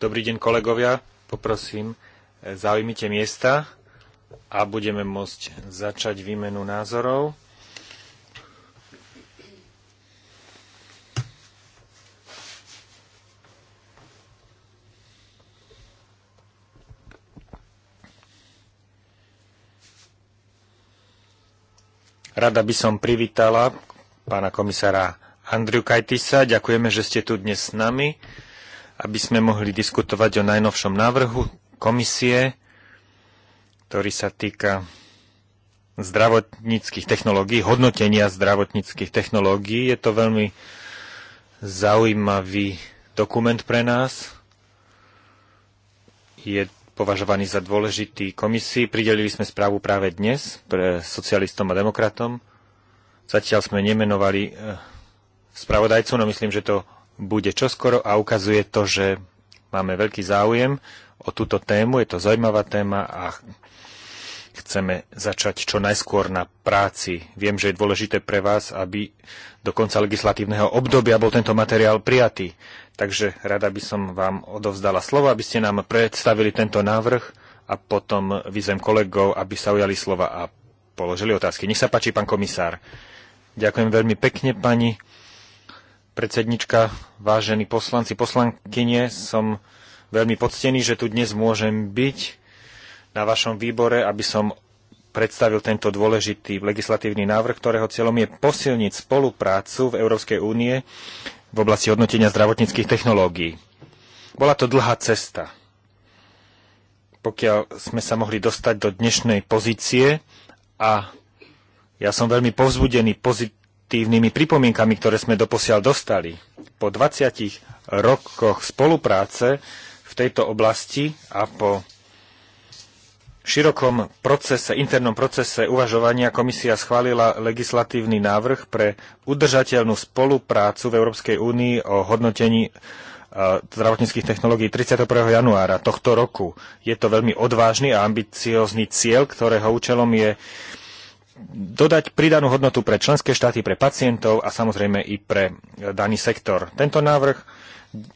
Dobrý deň, kolegovia. Poprosím, e, zaujmite miesta a budeme môcť začať výmenu názorov. Rada by som privítala pána komisára Andriu Kajtisa. Ďakujeme, že ste tu dnes s nami, aby sme mohli diskutovať o najnovšom návrhu komisie, ktorý sa týka zdravotníckých technológií, hodnotenia zdravotníckých technológií. Je to veľmi zaujímavý dokument pre nás. Je považovaný za dôležitý komisii. Pridelili sme správu práve dnes pre socialistom a demokratom. Zatiaľ sme nemenovali eh, spravodajcu, no myslím, že to bude čoskoro a ukazuje to, že máme veľký záujem o túto tému. Je to zaujímavá téma a chceme začať čo najskôr na práci. Viem, že je dôležité pre vás, aby do konca legislatívneho obdobia bol tento materiál prijatý. Takže rada by som vám odovzdala slovo, aby ste nám predstavili tento návrh a potom vyzvem kolegov, aby sa ujali slova a položili otázky. Nech sa páči, pán komisár. Ďakujem veľmi pekne, pani predsednička, vážení poslanci, poslankyne, som veľmi poctený, že tu dnes môžem byť na vašom výbore, aby som predstavil tento dôležitý legislatívny návrh, ktorého cieľom je posilniť spoluprácu v Európskej únie v oblasti hodnotenia zdravotníckých technológií. Bola to dlhá cesta. Pokiaľ sme sa mohli dostať do dnešnej pozície a ja som veľmi povzbudený pozit- konštruktívnymi pripomienkami, ktoré sme doposiaľ dostali. Po 20 rokoch spolupráce v tejto oblasti a po širokom procese, internom procese uvažovania komisia schválila legislatívny návrh pre udržateľnú spoluprácu v Európskej únii o hodnotení e, zdravotníckých technológií 31. januára tohto roku. Je to veľmi odvážny a ambiciózny cieľ, ktorého účelom je dodať pridanú hodnotu pre členské štáty, pre pacientov a samozrejme i pre e, daný sektor. Tento návrh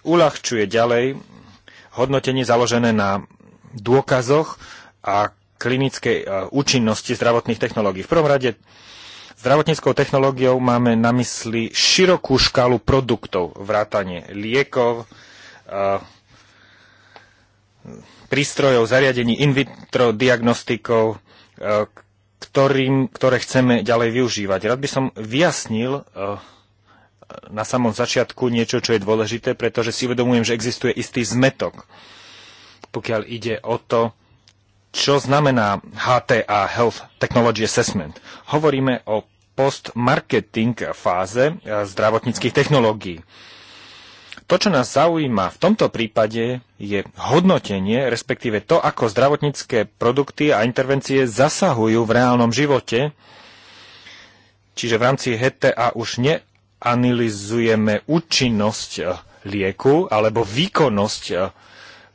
uľahčuje ďalej hodnotenie založené na dôkazoch a klinickej e, účinnosti zdravotných technológií. V prvom rade zdravotníckou technológiou máme na mysli širokú škálu produktov, vrátanie liekov, e, prístrojov, zariadení in vitro diagnostikov, ktorým, ktoré chceme ďalej využívať. Rád by som vyjasnil eh, na samom začiatku niečo, čo je dôležité, pretože si uvedomujem, že existuje istý zmetok, pokiaľ ide o to, čo znamená HTA, Health Technology Assessment. Hovoríme o post-marketing fáze eh, zdravotníckých technológií. To, čo nás zaujíma v tomto prípade, je hodnotenie, respektíve to, ako zdravotnícke produkty a intervencie zasahujú v reálnom živote. Čiže v rámci HTA už neanalizujeme účinnosť e, lieku alebo výkonnosť e,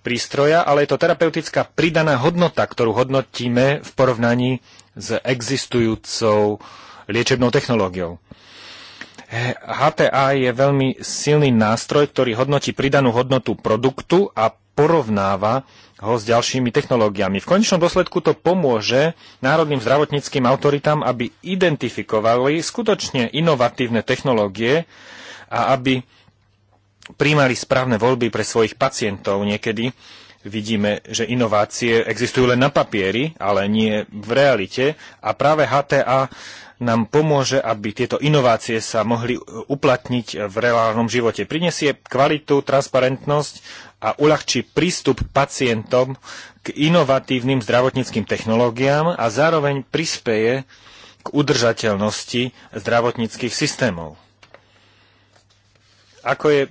prístroja, ale je to terapeutická pridaná hodnota, ktorú hodnotíme v porovnaní s existujúcou liečebnou technológiou. HTA je veľmi silný nástroj, ktorý hodnotí pridanú hodnotu produktu a porovnáva ho s ďalšími technológiami. V konečnom dôsledku to pomôže národným zdravotníckým autoritám, aby identifikovali skutočne inovatívne technológie a aby príjmali správne voľby pre svojich pacientov. Niekedy vidíme, že inovácie existujú len na papieri, ale nie v realite a práve HTA nám pomôže, aby tieto inovácie sa mohli e, uplatniť v reálnom živote. Prinesie kvalitu, transparentnosť a uľahčí prístup pacientom k inovatívnym zdravotníckým technológiám a zároveň prispeje k udržateľnosti zdravotníckých systémov. Ako je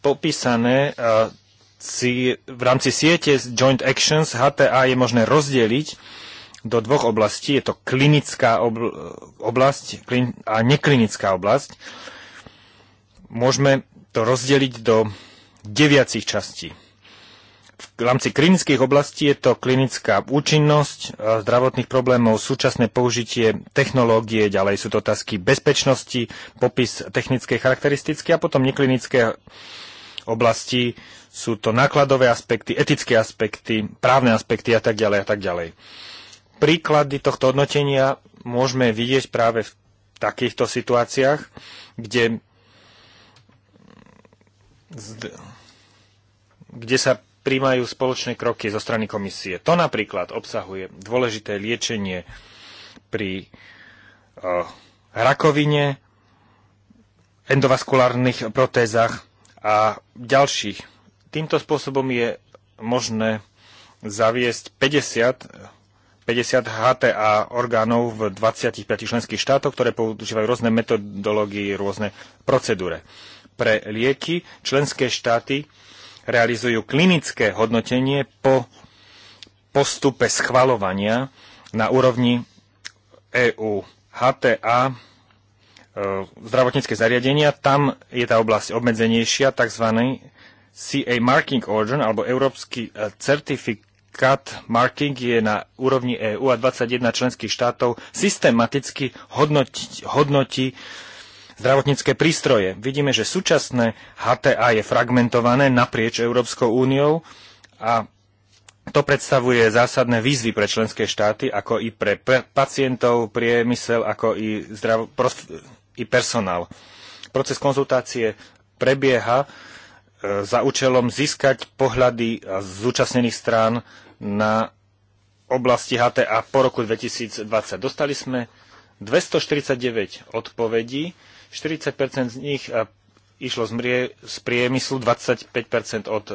popísané e, v rámci siete Joint Actions HTA je možné rozdeliť do dvoch oblastí. Je to klinická oblasť a neklinická oblasť. Môžeme to rozdeliť do deviacich častí. V rámci klinických oblastí je to klinická účinnosť e, zdravotných problémov, súčasné použitie technológie, ďalej sú to otázky bezpečnosti, popis technickej charakteristiky a potom neklinické oblasti sú to nákladové aspekty, etické aspekty, právne aspekty a tak ďalej a tak ďalej. Príklady tohto hodnotenia môžeme vidieť práve v takýchto situáciách, kde, kde sa príjmajú spoločné kroky zo strany komisie. To napríklad obsahuje dôležité liečenie pri uh, rakovine, endovaskulárnych protézach a ďalších. Týmto spôsobom je možné zaviesť 50 50 HTA orgánov v 25 členských štátoch, ktoré používajú rôzne metodológie, rôzne procedúre. Pre lieky členské štáty realizujú klinické hodnotenie po postupe schvalovania na úrovni EU. HTA, e, zdravotnícke zariadenia, tam je tá oblasť obmedzenejšia, tzv. CA Marking Order, alebo Európsky e, certifikát cut marking je na úrovni EÚ a 21 členských štátov systematicky hodnotí, hodnotí zdravotnícke prístroje. Vidíme, že súčasné HTA je fragmentované naprieč Európskou úniou a to predstavuje zásadné výzvy pre členské štáty, ako i pre pacientov, priemysel, ako i, zdrav- i personál. Proces konzultácie prebieha za účelom získať pohľady zúčastnených strán na oblasti HTA po roku 2020. Dostali sme 249 odpovedí, 40 z nich išlo z, mrie, z priemyslu, 25 od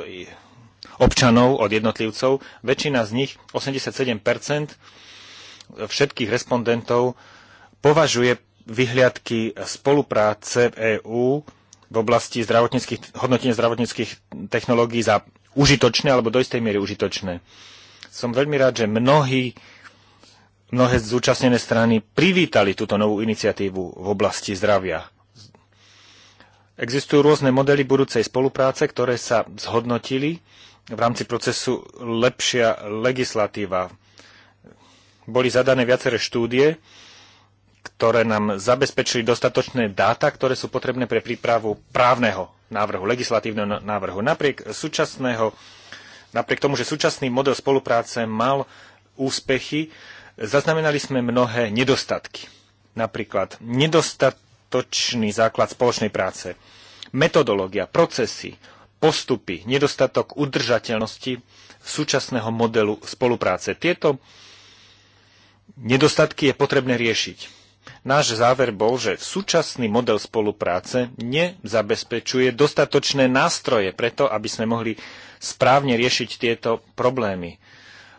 občanov, od jednotlivcov. Väčšina z nich, 87 všetkých respondentov, považuje vyhliadky spolupráce v EÚ v oblasti zdravotníckých, hodnotenia zdravotníckých technológií za užitočné alebo do istej miery užitočné. Som veľmi rád, že mnohí, mnohé zúčastnené strany privítali túto novú iniciatívu v oblasti zdravia. Existujú rôzne modely budúcej spolupráce, ktoré sa zhodnotili v rámci procesu lepšia legislatíva. Boli zadané viaceré štúdie, ktoré nám zabezpečili dostatočné dáta, ktoré sú potrebné pre prípravu právneho návrhu, legislatívneho návrhu. Napriek, súčasného, napriek tomu, že súčasný model spolupráce mal úspechy, zaznamenali sme mnohé nedostatky. Napríklad nedostatočný základ spoločnej práce, metodológia, procesy, postupy, nedostatok udržateľnosti súčasného modelu spolupráce. Tieto nedostatky je potrebné riešiť. Náš záver bol, že súčasný model spolupráce nezabezpečuje dostatočné nástroje preto, aby sme mohli správne riešiť tieto problémy.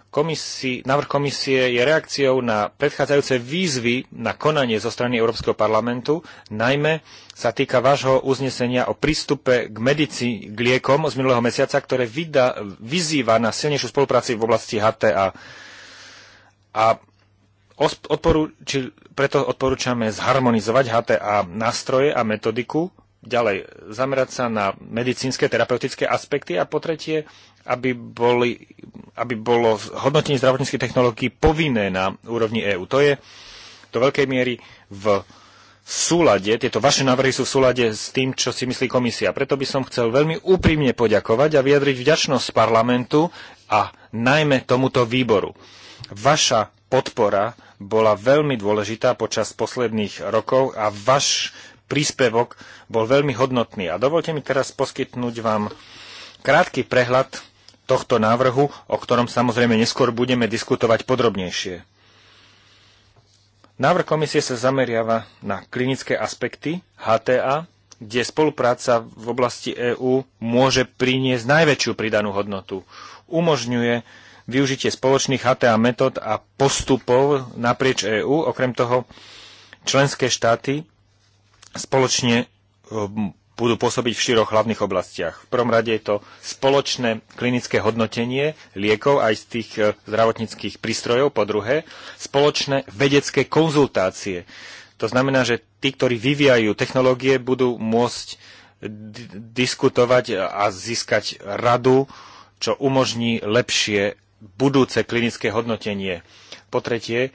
Komisii, návrh komisie je reakciou na predchádzajúce výzvy na konanie zo strany Európskeho parlamentu, najmä sa týka vášho uznesenia o prístupe k medici k liekom z minulého mesiaca, ktoré vyda, vyzýva na silnejšiu spolupráci v oblasti HTA. A Odporúčil, preto odporúčame zharmonizovať HTA nástroje a metodiku, ďalej zamerať sa na medicínske, terapeutické aspekty a po tretie, aby, boli, aby bolo hodnotenie zdravotníckých technológií povinné na úrovni EÚ. To je do veľkej miery v súlade, tieto vaše návrhy sú v súlade s tým, čo si myslí komisia. Preto by som chcel veľmi úprimne poďakovať a vyjadriť vďačnosť parlamentu a najmä tomuto výboru. Vaša podpora bola veľmi dôležitá počas posledných rokov a váš príspevok bol veľmi hodnotný. A dovolte mi teraz poskytnúť vám krátky prehľad tohto návrhu, o ktorom samozrejme neskôr budeme diskutovať podrobnejšie. Návrh komisie sa zameriava na klinické aspekty HTA, kde spolupráca v oblasti EÚ môže priniesť najväčšiu pridanú hodnotu. Umožňuje využitie spoločných HTA metód a postupov naprieč EÚ. Okrem toho, členské štáty spoločne e, budú pôsobiť v široch hlavných oblastiach. V prvom rade je to spoločné klinické hodnotenie liekov aj z tých e, zdravotníckých prístrojov. Po druhé, spoločné vedecké konzultácie. To znamená, že tí, ktorí vyvíjajú technológie, budú môcť diskutovať a získať radu, čo umožní lepšie budúce klinické hodnotenie. Po tretie,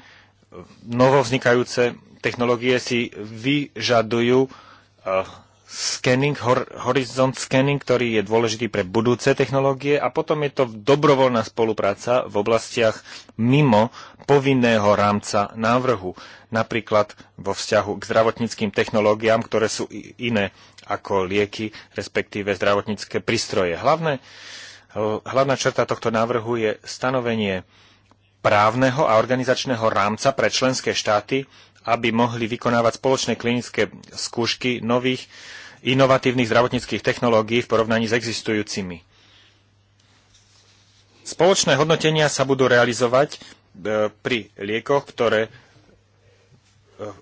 novovznikajúce technológie si vyžadujú eh, scanning, horizont scanning, ktorý je dôležitý pre budúce technológie a potom je to dobrovoľná spolupráca v oblastiach mimo povinného rámca návrhu, napríklad vo vzťahu k zdravotníckým technológiám, ktoré sú iné ako lieky, respektíve zdravotnícke prístroje. Hlavné uh, hlavná črta tohto návrhu je stanovenie právneho a organizačného rámca pre členské štáty, aby mohli vykonávať spoločné klinické skúšky nových inovatívnych zdravotníckých technológií v porovnaní s existujúcimi. Spoločné hodnotenia sa budú realizovať e, pri liekoch, ktoré e,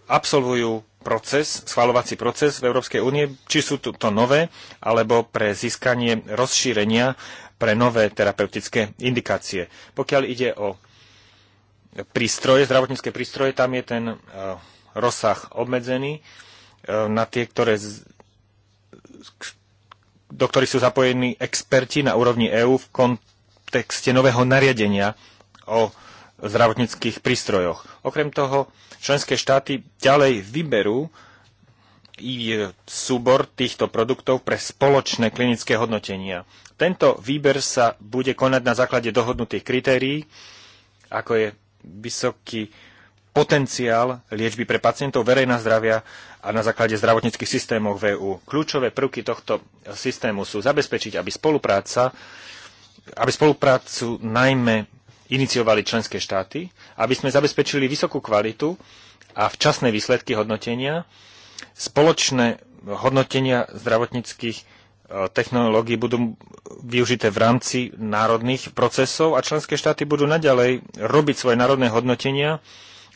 absolvujú proces, schvalovací proces v Európskej únie, či sú to, to nové, alebo pre získanie rozšírenia pre nové terapeutické indikácie. Pokiaľ ide o prístroje, zdravotnícke prístroje, tam je ten eh, rozsah obmedzený eh, na tie, ktoré do ktorých sú zapojení experti na úrovni EÚ v kontexte nového nariadenia o zdravotníckých prístrojoch. Okrem toho, členské štáty ďalej vyberú i súbor týchto produktov pre spoločné klinické hodnotenia. Tento výber sa bude konať na základe dohodnutých kritérií, ako je vysoký potenciál liečby pre pacientov verejná zdravia a na základe zdravotníckých systémov VÚ. E Kľúčové prvky tohto systému sú zabezpečiť, aby spolupráca aby spoluprácu najmä iniciovali členské štáty, aby sme zabezpečili vysokú kvalitu a včasné výsledky hodnotenia, spoločné hodnotenia zdravotníckých e, technológií budú využité v rámci národných procesov a členské štáty budú naďalej robiť svoje národné hodnotenia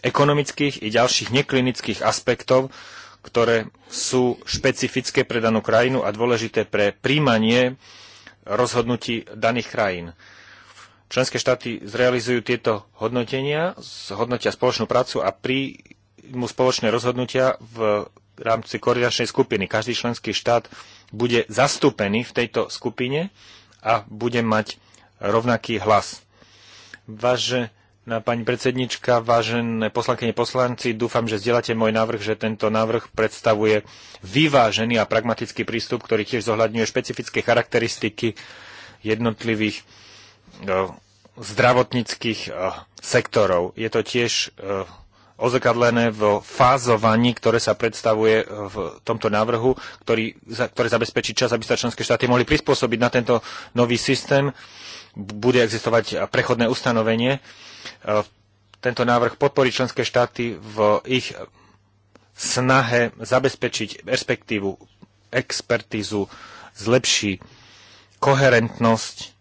ekonomických i ďalších neklinických aspektov, ktoré sú špecifické pre danú krajinu a dôležité pre príjmanie rozhodnutí daných krajín. Členské štáty zrealizujú tieto hodnotenia, zhodnotia spoločnú prácu a príjmu spoločné rozhodnutia v rámci koordinačnej skupiny. Každý členský štát bude zastúpený v tejto skupine a bude mať rovnaký hlas. Vážená pani predsednička, vážené poslankyne poslanci, dúfam, že zdieľate môj návrh, že tento návrh predstavuje vyvážený a pragmatický prístup, ktorý tiež zohľadňuje špecifické charakteristiky jednotlivých E, zdravotníckých e, sektorov. Je to tiež e, ozakadlené v fázovaní, ktoré sa predstavuje v tomto návrhu, ktorý, ktoré zabezpečí čas, aby sa členské štáty mohli prispôsobiť na tento nový systém. Bude existovať prechodné ustanovenie. Tento návrh podporí členské štáty v ich snahe zabezpečiť perspektívu, expertízu, zlepší koherentnosť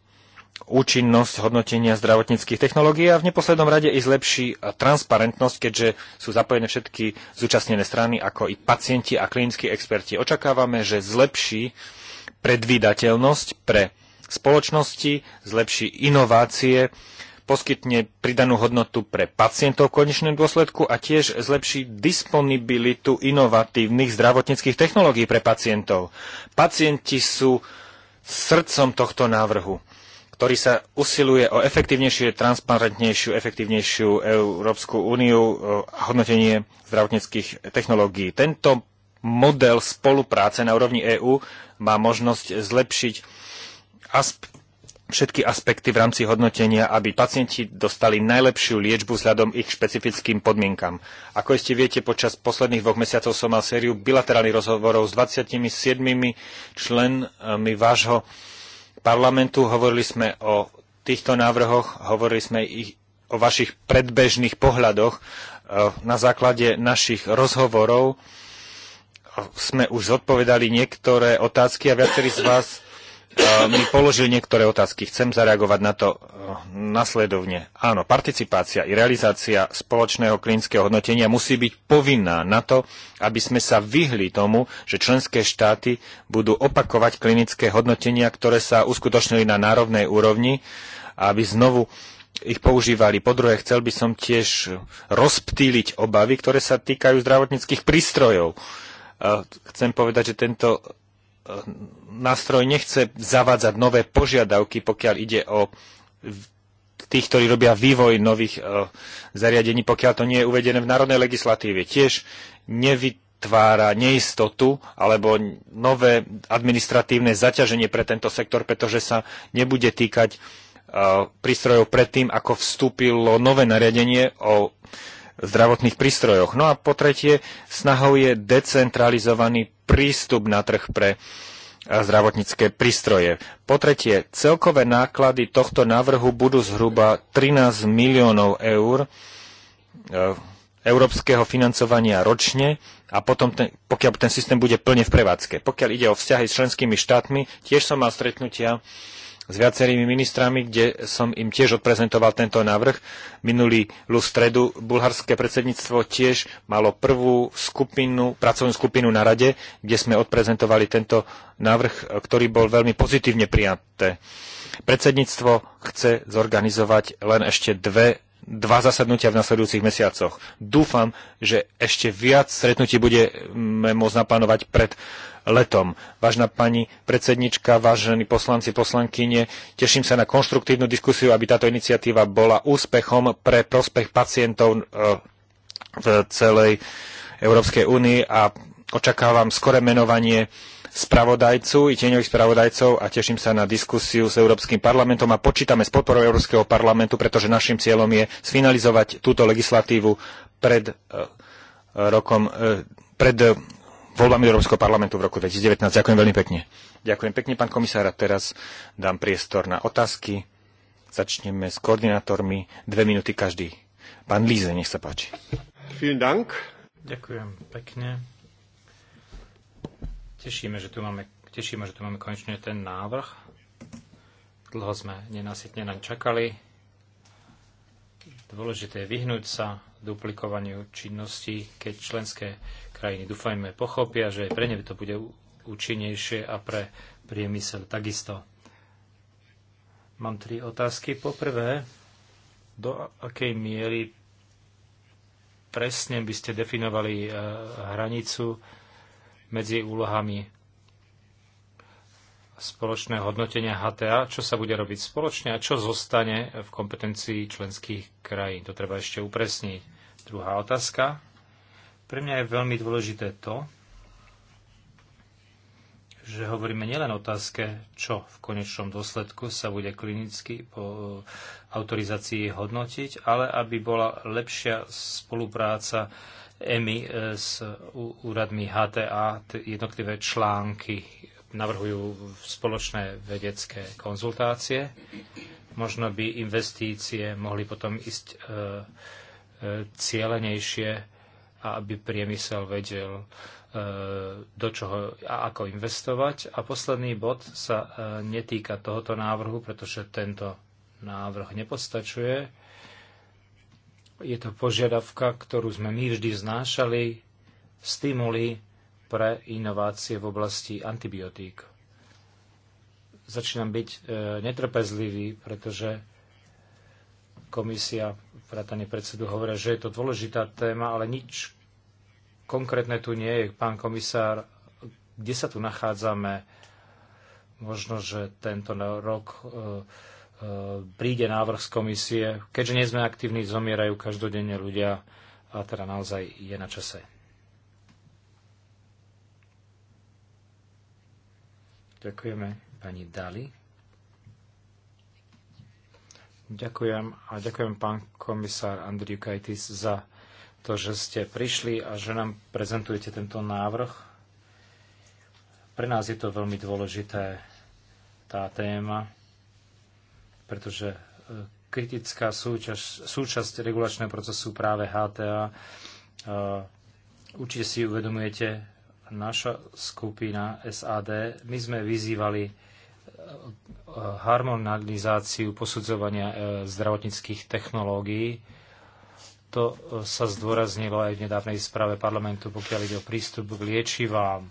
účinnosť hodnotenia zdravotníckých technológií a v neposlednom rade i zlepší e, transparentnosť, keďže sú zapojené všetky zúčastnené strany, ako i pacienti a klinickí experti. Očakávame, že zlepší predvídateľnosť pre spoločnosti, zlepší inovácie, poskytne pridanú hodnotu pre pacientov v konečnom dôsledku a tiež zlepší disponibilitu inovatívnych zdravotníckých technológií pre pacientov. Pacienti sú srdcom tohto návrhu ktorý sa usiluje o efektívnejšiu, transparentnejšiu, efektívnejšiu Európsku úniu e, a hodnotenie zdravotníckých technológií. Tento model spolupráce na úrovni EÚ má možnosť zlepšiť asp- všetky aspekty v rámci hodnotenia, aby pacienti dostali najlepšiu liečbu vzhľadom ich špecifickým podmienkam. Ako ste viete, počas posledných dvoch mesiacov som mal sériu bilaterálnych rozhovorov s 27 členmi vášho parlamentu, hovorili sme o týchto návrhoch, hovorili sme ich o vašich predbežných pohľadoch. E, na základe našich rozhovorov e, sme už zodpovedali niektoré otázky a viacerí z vás Eh, mi položil niektoré otázky. Chcem zareagovať na to eh, nasledovne. Áno, participácia i realizácia spoločného klinického hodnotenia musí byť povinná na to, aby sme sa vyhli tomu, že členské štáty budú opakovať klinické hodnotenia, ktoré sa uskutočnili na národnej úrovni, aby znovu ich používali. Po druhé, chcel by som tiež rozptýliť obavy, ktoré sa týkajú zdravotníckých prístrojov eh, chcem povedať, že tento nástroj nechce zavádzať nové požiadavky, pokiaľ ide o tých, ktorí robia vývoj nových e, zariadení, pokiaľ to nie je uvedené v národnej legislatíve. Tiež nevytvára neistotu alebo nové administratívne zaťaženie pre tento sektor, pretože sa nebude týkať e, prístrojov predtým, ako vstúpilo nové nariadenie o zdravotných prístrojoch. No a po tretie, snahou je decentralizovaný prístup na trh pre e, zdravotnícke prístroje. Po tretie, celkové náklady tohto návrhu budú zhruba 13 miliónov eur e, európskeho financovania ročne a potom, ten, pokiaľ ten systém bude plne v prevádzke. Pokiaľ ide o vzťahy s členskými štátmi, tiež som mal stretnutia s viacerými ministrami, kde som im tiež odprezentoval tento návrh. Minulý stredu bulharské predsedníctvo tiež malo prvú skupinu, pracovnú skupinu na rade, kde sme odprezentovali tento návrh, ktorý bol veľmi pozitívne prijaté. Predsedníctvo chce zorganizovať len ešte dve dva zasadnutia v nasledujúcich mesiacoch. Dúfam, že ešte viac stretnutí budeme môcť naplánovať pred letom. Vážna pani predsednička, vážení poslanci, poslankyne, teším sa na konštruktívnu diskusiu, aby táto iniciatíva bola úspechom pre prospech pacientov e, v celej Európskej únii a očakávam skore menovanie spravodajcu i tieňových spravodajcov a teším sa na diskusiu s Európskym parlamentom a počítame s podporou Európskeho parlamentu, pretože našim cieľom je sfinalizovať túto legislatívu pred e, rokom, e, pred voľbami do Európskeho parlamentu v roku 2019. Ďakujem veľmi pekne. Ďakujem pekne, pán komisár. A teraz dám priestor na otázky. Začneme s koordinátormi. Dve minúty každý. Pán Líze, nech sa páči. Dank. Ďakujem pekne. Tešíme, že tu máme, tešíme, že tu máme konečne ten návrh. Dlho sme nenasytne naň čakali. Dôležité je vyhnúť sa duplikovaniu činností, keď členské krajiny. Dúfajme, pochopia, že pre ne to bude účinnejšie a pre priemysel takisto. Mám tri otázky. Poprvé, do akej miery presne by ste definovali e, hranicu medzi úlohami spoločného hodnotenia HTA, čo sa bude robiť spoločne a čo zostane v kompetencii členských krajín. To treba ešte upresniť. Druhá otázka. Pre mňa je veľmi dôležité to, že hovoríme nielen o otázke, čo v konečnom dôsledku sa bude klinicky po autorizácii hodnotiť, ale aby bola lepšia spolupráca EMI e, s úradmi HTA, jednotlivé články navrhujú spoločné vedecké konzultácie. Možno by investície mohli potom ísť e, e, cielenejšie a aby priemysel vedel, e, do čoho a ako investovať. A posledný bod sa e, netýka tohoto návrhu, pretože tento návrh nepostačuje. Je to požiadavka, ktorú sme my vždy znášali, stimuli pre inovácie v oblasti antibiotík. Začínam byť e, netrpezlivý, pretože komisia vrátane predsedu, hovoria, že je to dôležitá téma, ale nič konkrétne tu nie je. Pán komisár, kde sa tu nachádzame? Možno, že tento rok e, e, príde návrh z komisie. Keďže nie sme aktívni, zomierajú každodenne ľudia a teda naozaj je na čase. Ďakujeme pani Dali. Ďakujem a ďakujem pán komisár Andriu Kajtis za to, že ste prišli a že nám prezentujete tento návrh. Pre nás je to veľmi dôležité tá téma, pretože e, kritická súčasť, súčasť regulačného procesu práve HTA. E, určite si uvedomujete, naša skupina SAD, my sme vyzývali harmonizáciu posudzovania e, zdravotníckých technológií. To e, sa zdôraznilo aj v nedávnej správe parlamentu, pokiaľ ide o prístup k liečivám.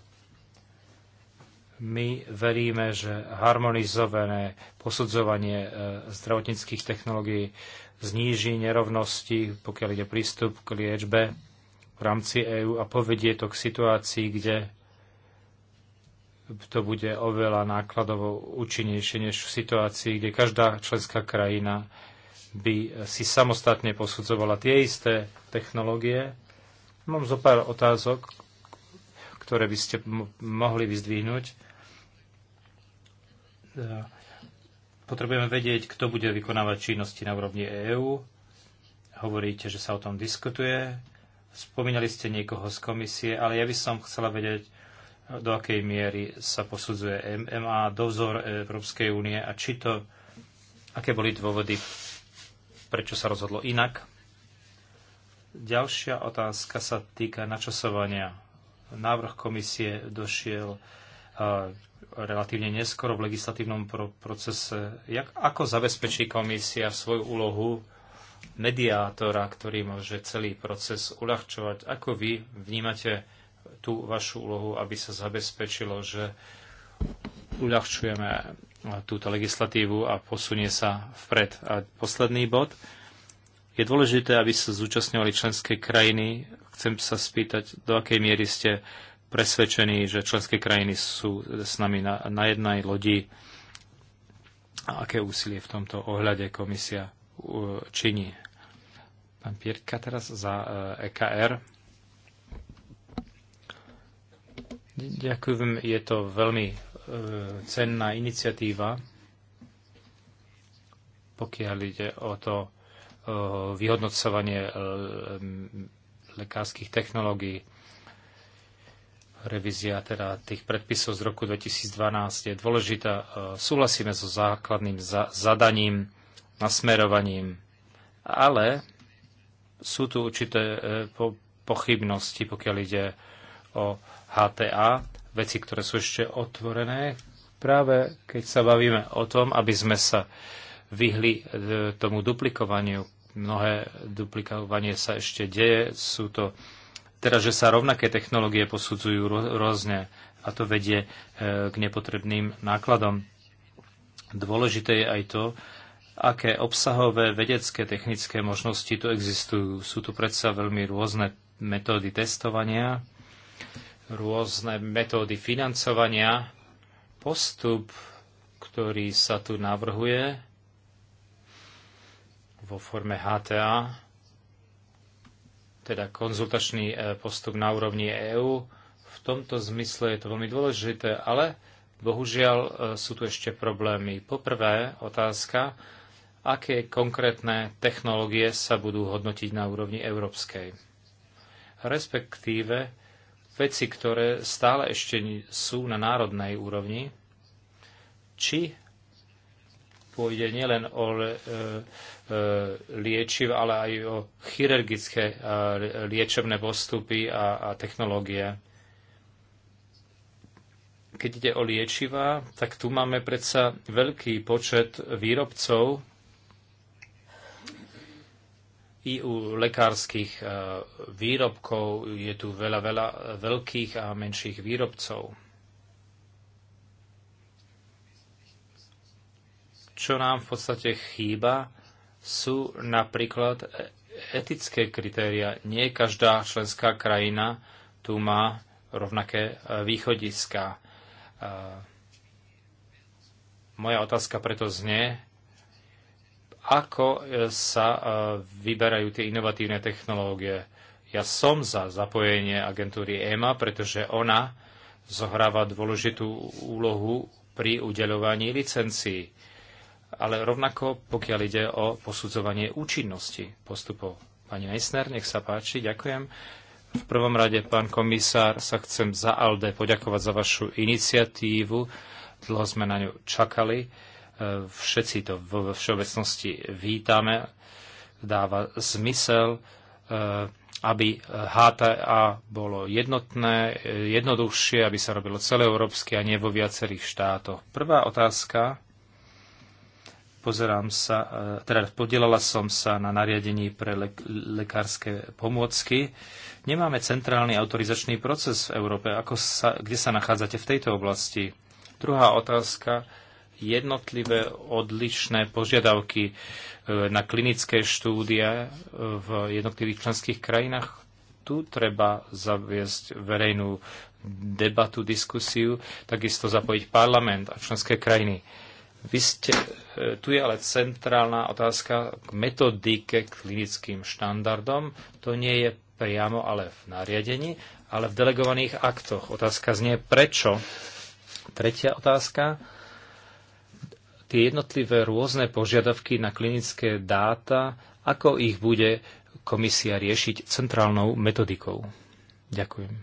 My veríme, že harmonizované posudzovanie e, zdravotníckých technológií zníži nerovnosti, pokiaľ ide prístup k liečbe v rámci EÚ a povedie to k situácii, kde to bude oveľa nákladovo účinnejšie než v situácii, kde každá členská krajina by si samostatne posudzovala tie isté technológie. Mám zo pár otázok, ktoré by ste mohli vyzdvihnúť. Teda, potrebujeme vedieť, kto bude vykonávať činnosti na úrovni EÚ. Hovoríte, že sa o tom diskutuje. Spomínali ste niekoho z komisie, ale ja by som chcela vedieť, do akej miery sa posudzuje MA, dozor Európskej únie a či to, aké boli dôvody, prečo sa rozhodlo inak. Ďalšia otázka sa týka načasovania. Návrh komisie došiel relatívne neskoro v legislatívnom procese. Jak, ako zabezpečí komisia svoju úlohu mediátora, ktorý môže celý proces uľahčovať? Ako vy vnímate tú vašu úlohu, aby sa zabezpečilo, že uľahčujeme túto legislatívu a posunie sa vpred. A posledný bod. Je dôležité, aby sa zúčastňovali členské krajiny. Chcem sa spýtať, do akej miery ste presvedčení, že členské krajiny sú s nami na, na jednej lodi a aké úsilie v tomto ohľade komisia činí. Pán Pierka teraz za EKR. E Ďakujem, je to veľmi e, cenná iniciatíva, pokiaľ ide o to e, vyhodnocovanie e, lekárskych technológií. Revízia teda tých predpisov z roku 2012 je dôležitá. Súhlasíme so základným za- zadaním, nasmerovaním, ale sú tu určité pochybnosti, pokiaľ ide o HTA, veci, ktoré sú ešte otvorené, práve keď sa bavíme o tom, aby sme sa vyhli e, tomu duplikovaniu. Mnohé duplikovanie sa ešte deje. Sú to teda, že sa rovnaké technológie posudzujú rôzne a to vedie e, k nepotrebným nákladom. Dôležité je aj to, aké obsahové vedecké technické možnosti tu existujú. Sú tu predsa veľmi rôzne metódy testovania, rôzne metódy financovania. Postup, ktorý sa tu navrhuje vo forme HTA, teda konzultačný e, postup na úrovni EÚ, v tomto zmysle je to veľmi dôležité, ale bohužiaľ e, sú tu ešte problémy. Poprvé otázka, aké konkrétne technológie sa budú hodnotiť na úrovni európskej. Respektíve, veci, ktoré stále ešte sú na národnej úrovni, či pôjde nielen o e, e, liečiv, ale aj o chirurgické e, liečebné postupy a, a technológie. Keď ide o liečiva, tak tu máme predsa veľký počet výrobcov, i u lekárskych e, výrobkov je tu veľa, veľa e, veľkých a menších výrobcov. Čo nám v podstate chýba, sú napríklad e, etické kritéria. Nie každá členská krajina tu má rovnaké východiska. Moja otázka preto znie, ako e, sa e, vyberajú tie inovatívne technológie. Ja som za zapojenie agentúry EMA, pretože ona zohráva dôležitú úlohu pri udeľovaní licencií. Ale rovnako, pokiaľ ide o posudzovanie účinnosti postupov. Pani Meissner, nech sa páči, ďakujem. V prvom rade, pán komisár, sa chcem za ALDE poďakovať za vašu iniciatívu. Dlho sme na ňu čakali Všetci to vo všeobecnosti vítame. Dáva zmysel, e, aby HTA bolo jednotné, jednoduchšie, aby sa robilo celoeurópske a nie vo viacerých štátoch. Prvá otázka. Pozerám sa, e, teda podielala som sa na nariadení pre lek- lekárske pomôcky. Nemáme centrálny autorizačný proces v Európe. Ako sa, kde sa nachádzate v tejto oblasti? Druhá otázka jednotlivé odlišné požiadavky e, na klinické štúdie v jednotlivých členských krajinách. Tu treba zaviesť verejnú debatu, diskusiu, takisto zapojiť parlament a členské krajiny. Vy ste, e, tu je ale centrálna otázka k metodike, k klinickým štandardom. To nie je priamo ale v nariadení, ale v delegovaných aktoch. Otázka znie prečo. Tretia otázka tie jednotlivé rôzne požiadavky na klinické dáta, ako ich bude komisia riešiť centrálnou metodikou. Ďakujem.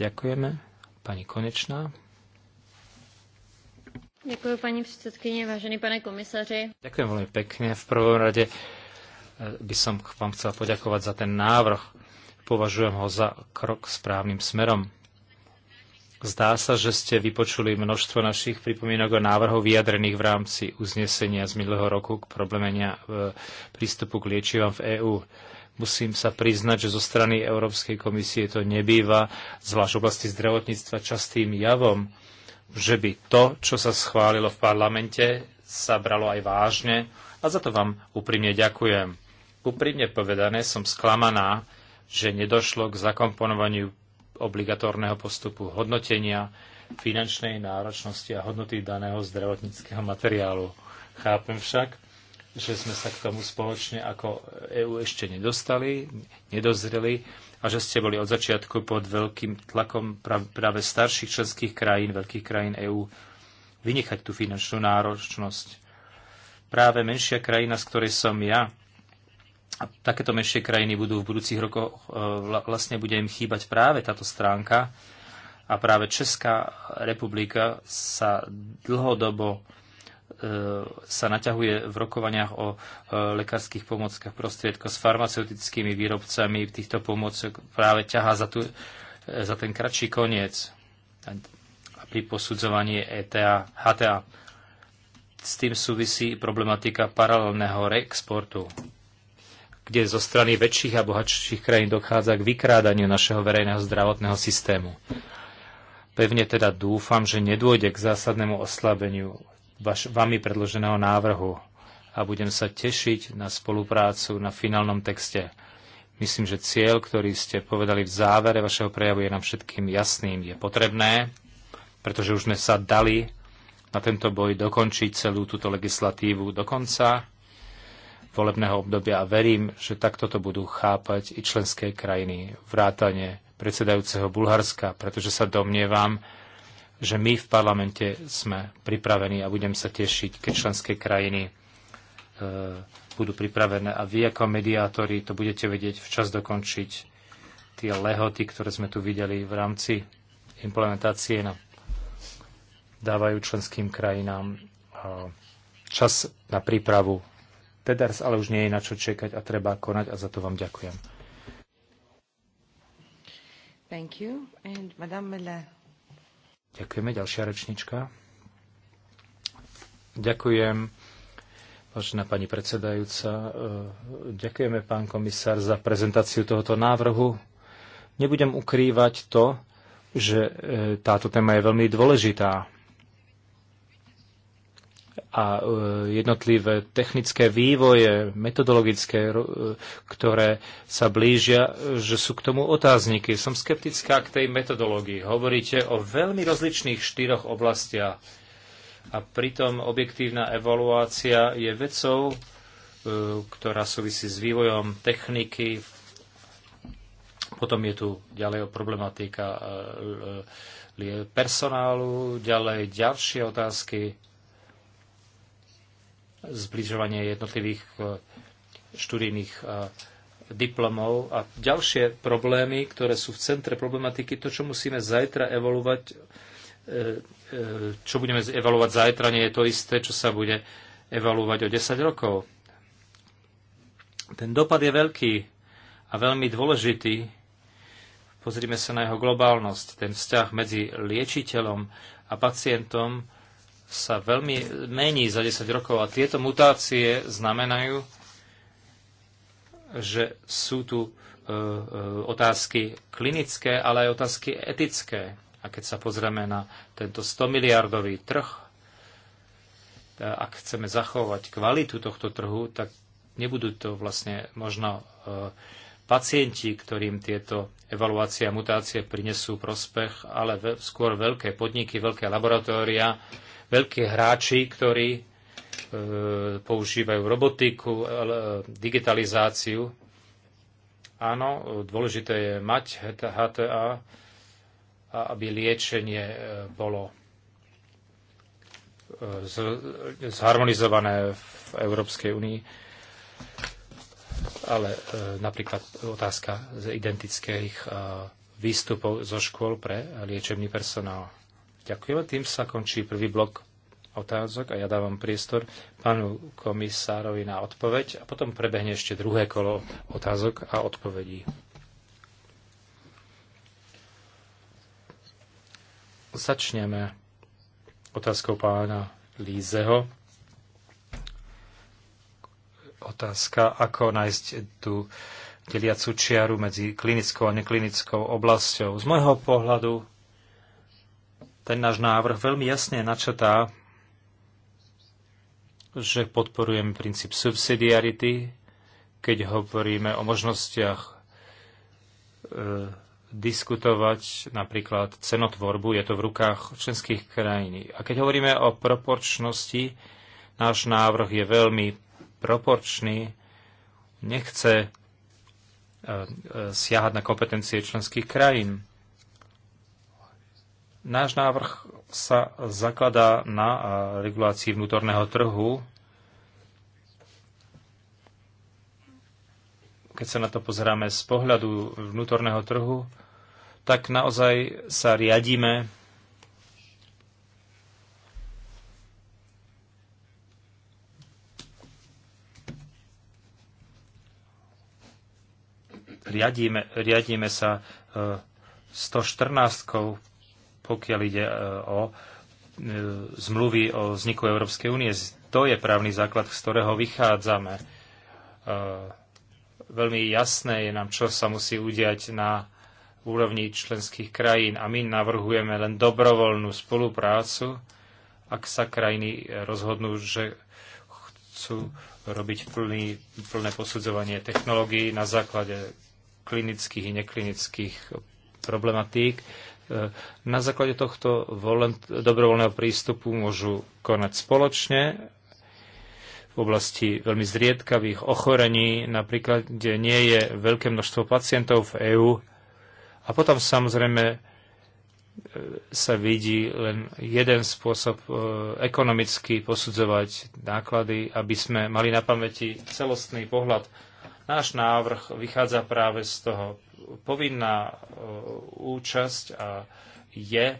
Ďakujeme. Pani Konečná. Ďakujem, pani predsedkynie, vážený pane komisaři. Ďakujem veľmi pekne. V prvom rade eh, by som vám chcela poďakovať za ten návrh. Považujem ho za krok správnym smerom. Zdá sa, že ste vypočuli množstvo našich pripomienok a návrhov vyjadrených v rámci uznesenia z minulého roku k problémenia prístupu k liečivám v EÚ. Musím sa priznať, že zo strany Európskej komisie to nebýva, zvlášť v oblasti zdravotníctva, častým javom, že by to, čo sa schválilo v parlamente, sa bralo aj vážne a za to vám úprimne ďakujem. Úprimne povedané som sklamaná, že nedošlo k zakomponovaniu obligatórneho postupu hodnotenia finančnej náročnosti a hodnoty daného zdravotníckého materiálu. Chápem však, že sme sa k tomu spoločne ako EÚ ešte nedostali, nedozreli a že ste boli od začiatku pod veľkým tlakom práve starších členských krajín, veľkých krajín EÚ, vynechať tú finančnú náročnosť. Práve menšia krajina, z ktorej som ja, a takéto menšie krajiny budú v budúcich rokoch, e, vlastne bude im chýbať práve táto stránka a práve Česká republika sa dlhodobo e, sa naťahuje v rokovaniach o e, lekárskych pomockách prostriedko s farmaceutickými výrobcami týchto pomocok práve ťahá za, tu, za ten kratší koniec a pri posudzovaní ETA, HTA. S tým súvisí problematika paralelného reexportu kde zo strany väčších a bohatších krajín dochádza k vykrádaniu našeho verejného zdravotného systému. Pevne teda dúfam, že nedôjde k zásadnému oslabeniu vaš, vami predloženého návrhu a budem sa tešiť na spoluprácu na finálnom texte. Myslím, že cieľ, ktorý ste povedali v závere vašeho prejavu, je nám všetkým jasným. Je potrebné, pretože už sme sa dali na tento boj dokončiť celú túto legislatívu do konca volebného obdobia a verím, že takto to budú chápať i členské krajiny, vrátane predsedajúceho Bulharska, pretože sa domnievam, že my v parlamente sme pripravení a budem sa tešiť, keď členské krajiny e, budú pripravené a vy ako mediátori to budete vedieť včas dokončiť tie lehoty, ktoré sme tu videli v rámci implementácie na, dávajú členským krajinám e, čas na prípravu Tedars ale už nie je na čo čekať a treba konať a za to vám ďakujem. Thank you. And Madame Ďakujeme. Ďalšia rečnička. Ďakujem. Vážená pani predsedajúca, e, ďakujeme pán komisár za prezentáciu tohoto návrhu. Nebudem ukrývať to, že e, táto téma je veľmi dôležitá a e, jednotlivé technické vývoje, metodologické, e, ktoré sa blížia, že sú k tomu otázniky. Som skeptická k tej metodológii. Hovoríte o veľmi rozličných štyroch oblastiach a pritom objektívna evaluácia je vecou, e, ktorá súvisí s vývojom techniky. Potom je tu ďalej problematika personálu, ďalej ďalšie otázky zbližovanie jednotlivých eh, študijných eh, diplomov a ďalšie problémy, ktoré sú v centre problematiky, to, čo musíme zajtra evolovať, eh, čo budeme evalovať zajtra, nie je to isté, čo sa bude evalovať o 10 rokov. Ten dopad je veľký a veľmi dôležitý. Pozrime sa na jeho globálnosť, ten vzťah medzi liečiteľom a pacientom, sa veľmi mení za 10 rokov a tieto mutácie znamenajú, že sú tu e, e, otázky klinické, ale aj otázky etické. A keď sa pozrieme na tento 100 miliardový trh, e, ak chceme zachovať kvalitu tohto trhu, tak nebudú to vlastne možno pacienti, ktorým tieto evaluácie a mutácie prinesú prospech, ale skôr veľké podniky, veľké laboratória, veľkí hráči, ktorí e, používajú robotiku, e, digitalizáciu. Áno, dôležité je mať HTA, aby liečenie e, bolo zharmonizované v Európskej únii. Ale napríklad otázka z identických výstupov zo škôl pre liečebný personál. Ďakujeme. Tým sa končí prvý blok otázok a ja dávam priestor pánu komisárovi na odpoveď a potom prebehne ešte druhé kolo otázok a odpovedí. Začneme otázkou pána Lízeho. Otázka, ako nájsť tú deliacu čiaru medzi klinickou a neklinickou oblasťou. Z môjho pohľadu ten náš návrh veľmi jasne načatá, že podporujeme princíp subsidiarity, keď hovoríme o možnostiach e, diskutovať napríklad cenotvorbu, je to v rukách členských krajín. A keď hovoríme o proporčnosti, náš návrh je veľmi proporčný, nechce e, e, siahať na kompetencie členských krajín. Náš návrh sa zakladá na e, regulácii vnútorného trhu. Keď sa na to pozeráme z pohľadu vnútorného trhu, tak naozaj sa riadíme riadíme, riadíme sa 114 e, pokiaľ ide e, o e, zmluvy o vzniku Európskej únie. To je právny základ, z ktorého vychádzame. E, veľmi jasné je nám, čo sa musí udiať na úrovni členských krajín a my navrhujeme len dobrovoľnú spoluprácu, ak sa krajiny rozhodnú, že chcú robiť plný, plné posudzovanie technológií na základe klinických i neklinických problematík. Na základe tohto dobrovoľného prístupu môžu konať spoločne v oblasti veľmi zriedkavých ochorení, napríklad, kde nie je veľké množstvo pacientov v EÚ. A potom samozrejme e, sa vidí len jeden spôsob e, ekonomicky posudzovať náklady, aby sme mali na pamäti celostný pohľad. Náš návrh vychádza práve z toho povinná e, účasť a je,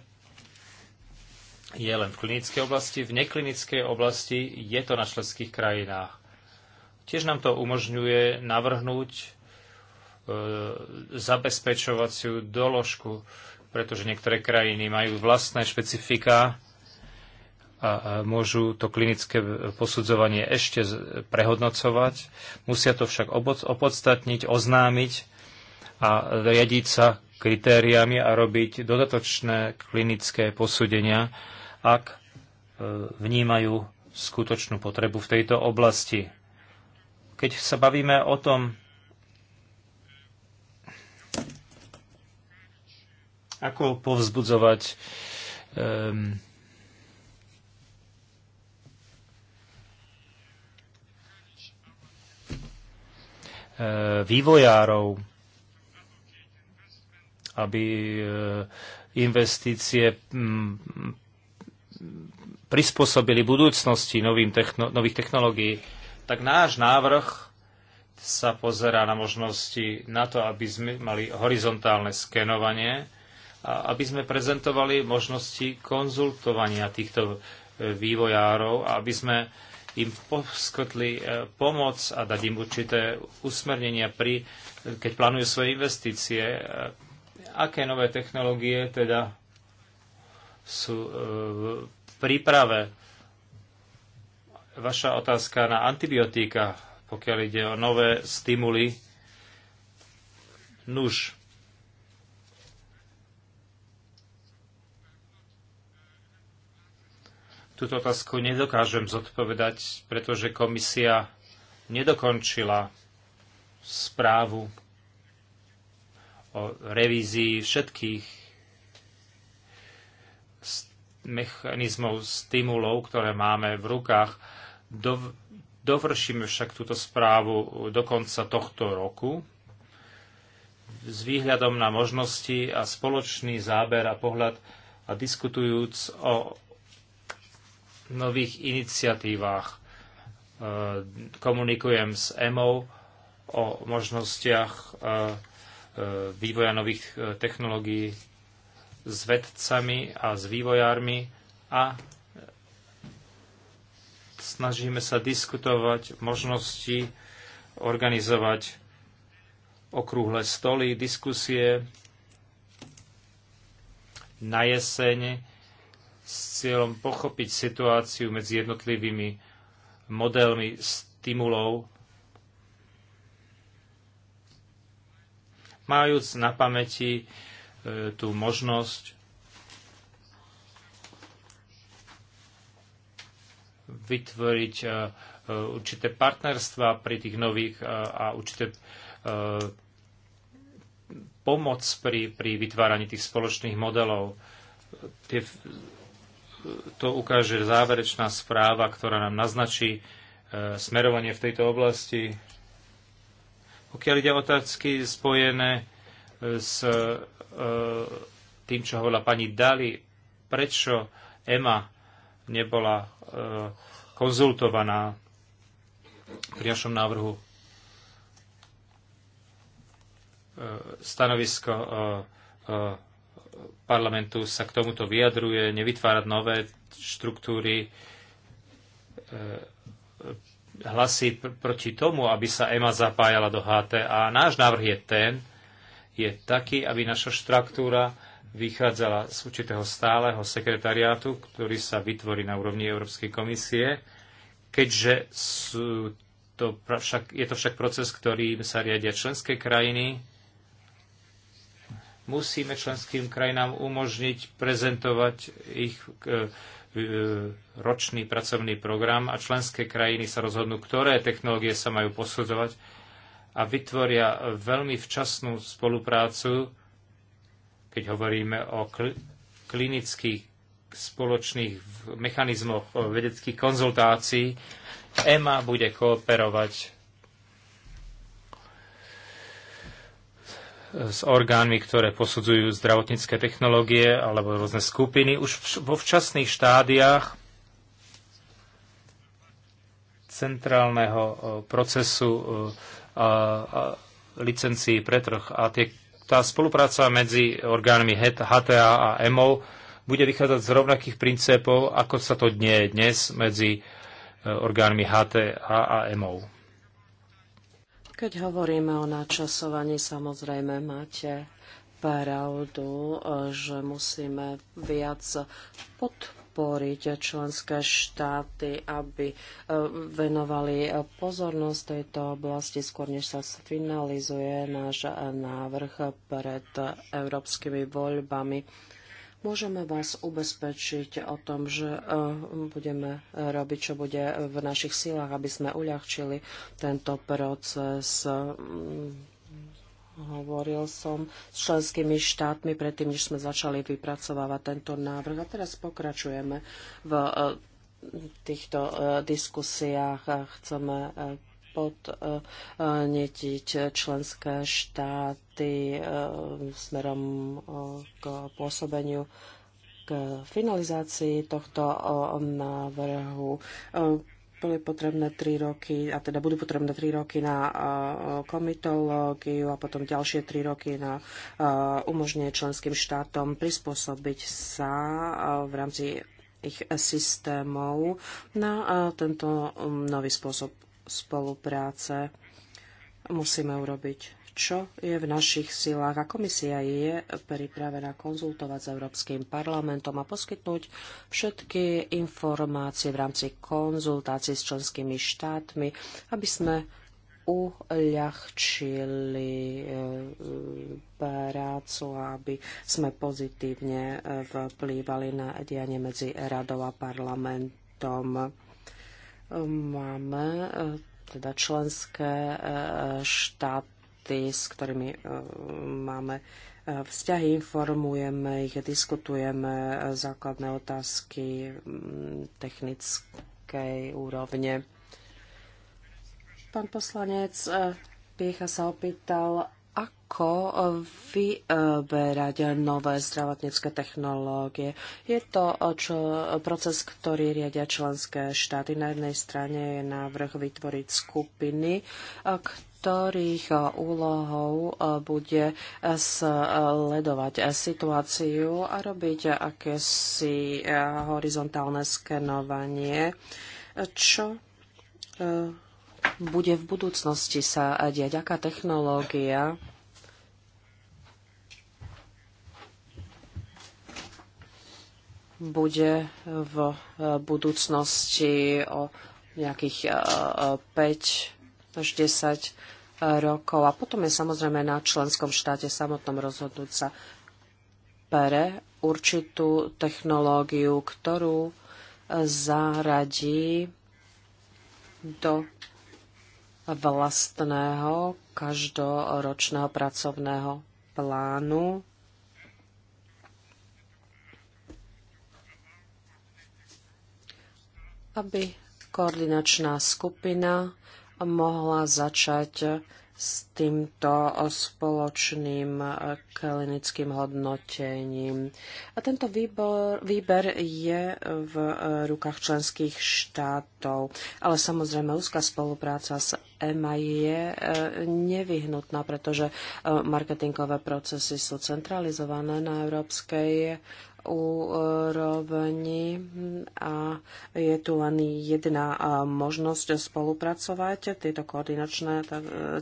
je len v klinickej oblasti. V neklinickej oblasti je to na členských krajinách. Tiež nám to umožňuje navrhnúť e, zabezpečovaciu doložku, pretože niektoré krajiny majú vlastné špecifika a môžu to klinické posudzovanie ešte prehodnocovať. Musia to však opodstatniť, oznámiť a riadiť sa kritériami a robiť dodatočné klinické posúdenia, ak e, vnímajú skutočnú potrebu v tejto oblasti. Keď sa bavíme o tom, ako povzbudzovať um, vývojárov aby e, investície prispôsobili budúcnosti novým techno- nových technológií, tak náš návrh sa pozerá na možnosti na to, aby sme mali horizontálne skenovanie a aby sme prezentovali možnosti konzultovania týchto e, vývojárov a aby sme im poskytli e, pomoc a dať im určité usmernenia pri, keď plánujú svoje investície, aké nové technológie teda sú e, v príprave. Vaša otázka na antibiotika, pokiaľ ide o nové stimuly. Nuž. Túto otázku nedokážem zodpovedať, pretože komisia nedokončila správu o revízii všetkých mechanizmov stimulov, ktoré máme v rukách. Dov, dovršíme však túto správu do konca tohto roku s výhľadom na možnosti a spoločný záber a pohľad a diskutujúc o nových iniciatívach. E, komunikujem s EMO o možnostiach e, vývoja nových e, technológií s vedcami a s vývojármi a e, snažíme sa diskutovať možnosti organizovať okrúhle stoly, diskusie na jeseň s cieľom pochopiť situáciu medzi jednotlivými modelmi stimulov majúc na pamäti e, tú možnosť vytvoriť e, e, určité partnerstva pri tých nových e, a určité e, pomoc pri, pri vytváraní tých spoločných modelov. Tie, to ukáže záverečná správa, ktorá nám naznačí e, smerovanie v tejto oblasti. Pokiaľ ide o otázky spojené e, s e, tým, čo hovorila pani Dali, prečo EMA nebola e, konzultovaná pri našom návrhu stanovisko parlamentu sa k tomuto vyjadruje, nevytvárať nové štruktúry, hlasy pr- proti tomu, aby sa EMA zapájala do HT a Náš návrh je ten, je taký, aby naša štruktúra vychádzala z určitého stáleho sekretariátu, ktorý sa vytvorí na úrovni Európskej komisie, keďže sú to však, je to však proces, ktorým sa riadia členské krajiny. Musíme členským krajinám umožniť prezentovať ich e, E, ročný pracovný program a členské krajiny sa rozhodnú, ktoré technológie sa majú posudzovať a vytvoria veľmi včasnú spoluprácu, keď hovoríme o kl- klinických spoločných mechanizmoch vedeckých konzultácií. EMA bude kooperovať s orgánmi, ktoré posudzujú zdravotnícke technológie alebo rôzne skupiny, už vo včasných štádiách centrálneho e, procesu e, a, a licencií pre trh. A tie, tá spolupráca medzi orgánmi HTA a EMO bude vychádzať z rovnakých princípov, ako sa to dnie dnes medzi e, orgánmi HTA a EMO. Keď hovoríme o načasovaní, samozrejme máte pravdu, že musíme viac podporiť členské štáty, aby e, venovali pozornosť tejto oblasti skôr, než sa sfinalizuje náš návrh pred európskymi voľbami. Môžeme vás ubezpečiť o tom, že e, budeme e, robiť, čo bude v našich silách, aby sme uľahčili tento proces mm, hovoril som s členskými štátmi predtým, než sme začali vypracovávať tento návrh. A teraz pokračujeme v e, týchto diskusiách. Chceme podnetiť e, e, členské štáty e, smerom k pôsobeniu k finalizácii tohto návrhu boli potrebné tri roky, a teda budú potrebné tri roky na komitológiu a potom ďalšie tri roky na umožnenie členským štátom prispôsobiť sa v rámci ich systémov na tento nový spôsob spolupráce. Musíme urobiť čo je v našich silách a komisia je pripravená konzultovať s Európskym parlamentom a poskytnúť všetky informácie v rámci konzultácií s členskými štátmi, aby sme uľahčili eh, prácu a aby sme pozitívne eh, vplývali na dianie medzi radou a parlamentom. Máme e, teda členské e, štáty, s ktorými e, máme vzťahy, informujeme ich, diskutujeme základné otázky technickej úrovne. Pán poslanec Piecha sa opýtal, ako e, vyberať nové zdravotnícke technológie. Je to e, čo, proces, ktorý riadia členské štáty. Na jednej strane je návrh vytvoriť skupiny, e, ktorých úlohou bude sledovať situáciu a robiť akési horizontálne skenovanie, čo bude v budúcnosti sa diať, aká technológia bude v e, budúcnosti o nejakých 5 e, e, až 10 rokov. A potom je samozrejme na členskom štáte samotnom rozhodnúť sa pre určitú technológiu, ktorú zaradí do vlastného každoročného pracovného plánu aby koordinačná skupina mohla začať s týmto spoločným e, klinickým hodnotením. A tento výbor, výber je v e, rukách členských štátov, ale samozrejme úzka spolupráca s EMA je e, nevyhnutná, pretože marketingové procesy sú centralizované na európskej úrovni a je tu len jedna možnosť spolupracovať tieto koordinačné,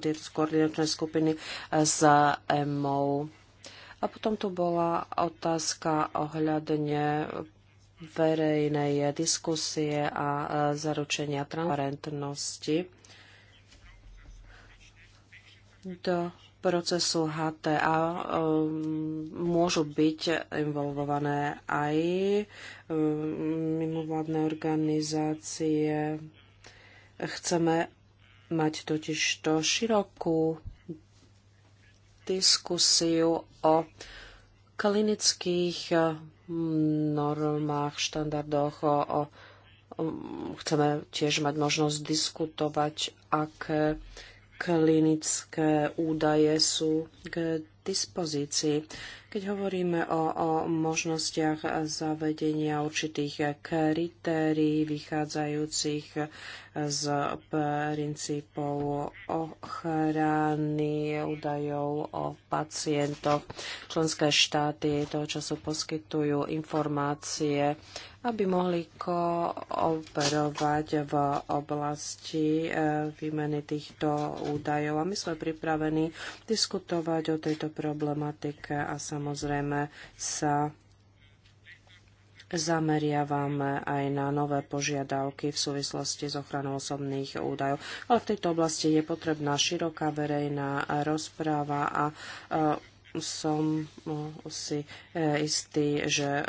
tieto koordinačné skupiny e, s EMO. A potom tu bola otázka ohľadne verejnej diskusie a e, zaručenia transparentnosti. Do procesu HTA um, môžu byť involvované aj um, mimovládne organizácie. Chceme mať totiž to širokú diskusiu o klinických um, normách, štandardoch, o, o, chceme tiež mať možnosť diskutovať, aké klinické údaje sú k dispozícii. Keď hovoríme o, o možnostiach zavedenia určitých kritérií vychádzajúcich z princípov ochrany, údajov o pacientoch. Členské štáty toho času poskytujú informácie, aby mohli kooperovať v oblasti e, výmeny týchto údajov. A my sme pripravení diskutovať o tejto problematike a samozrejme sa zameriavame aj na nové požiadavky v súvislosti s ochranou osobných údajov. Ale v tejto oblasti je potrebná široká verejná rozpráva a e, som e, si e, istý, že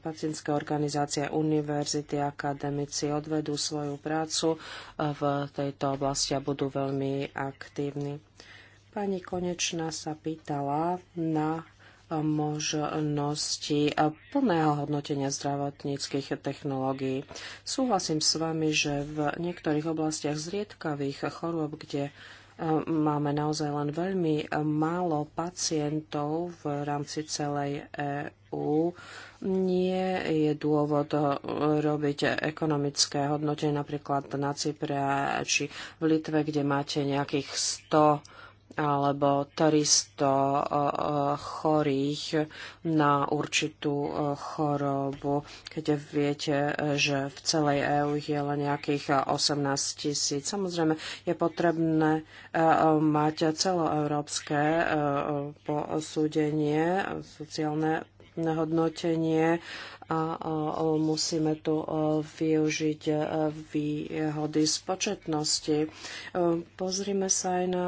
pacientské organizácie, univerzity, akademici odvedú svoju prácu v tejto oblasti a budú veľmi aktívni. Pani Konečná sa pýtala na možnosti plného hodnotenia zdravotníckých technológií. Súhlasím s vami, že v niektorých oblastiach zriedkavých chorôb, kde e, máme naozaj len veľmi málo pacientov v rámci celej EÚ. Nie je dôvod e, robiť ekonomické hodnotenie napríklad na Cypre či v Litve, kde máte nejakých 100 alebo takisto chorých na určitú chorobu, keď viete, že v celej EÚ je len nejakých 18 e, tisíc. Samozrejme, je potrebné e, mať celoeurópske e, posúdenie, sociálne hodnotenie a musíme tu využiť výhody z početnosti. Pozrime sa aj na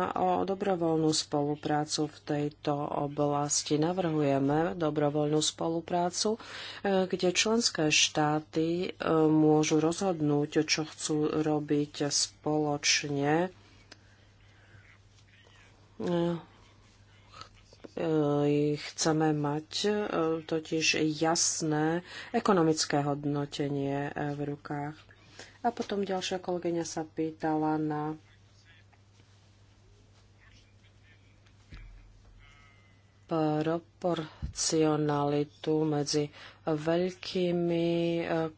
dobrovoľnú spoluprácu v tejto oblasti. Navrhujeme dobrovoľnú spoluprácu, e, kde členské štáty e, môžu rozhodnúť, čo chcú robiť spoločne e, Eh, chceme mať eh, totiž jasné ekonomické hodnotenie eh, v rukách. A potom ďalšia kolegyňa sa pýtala na proporcionalitu medzi veľkými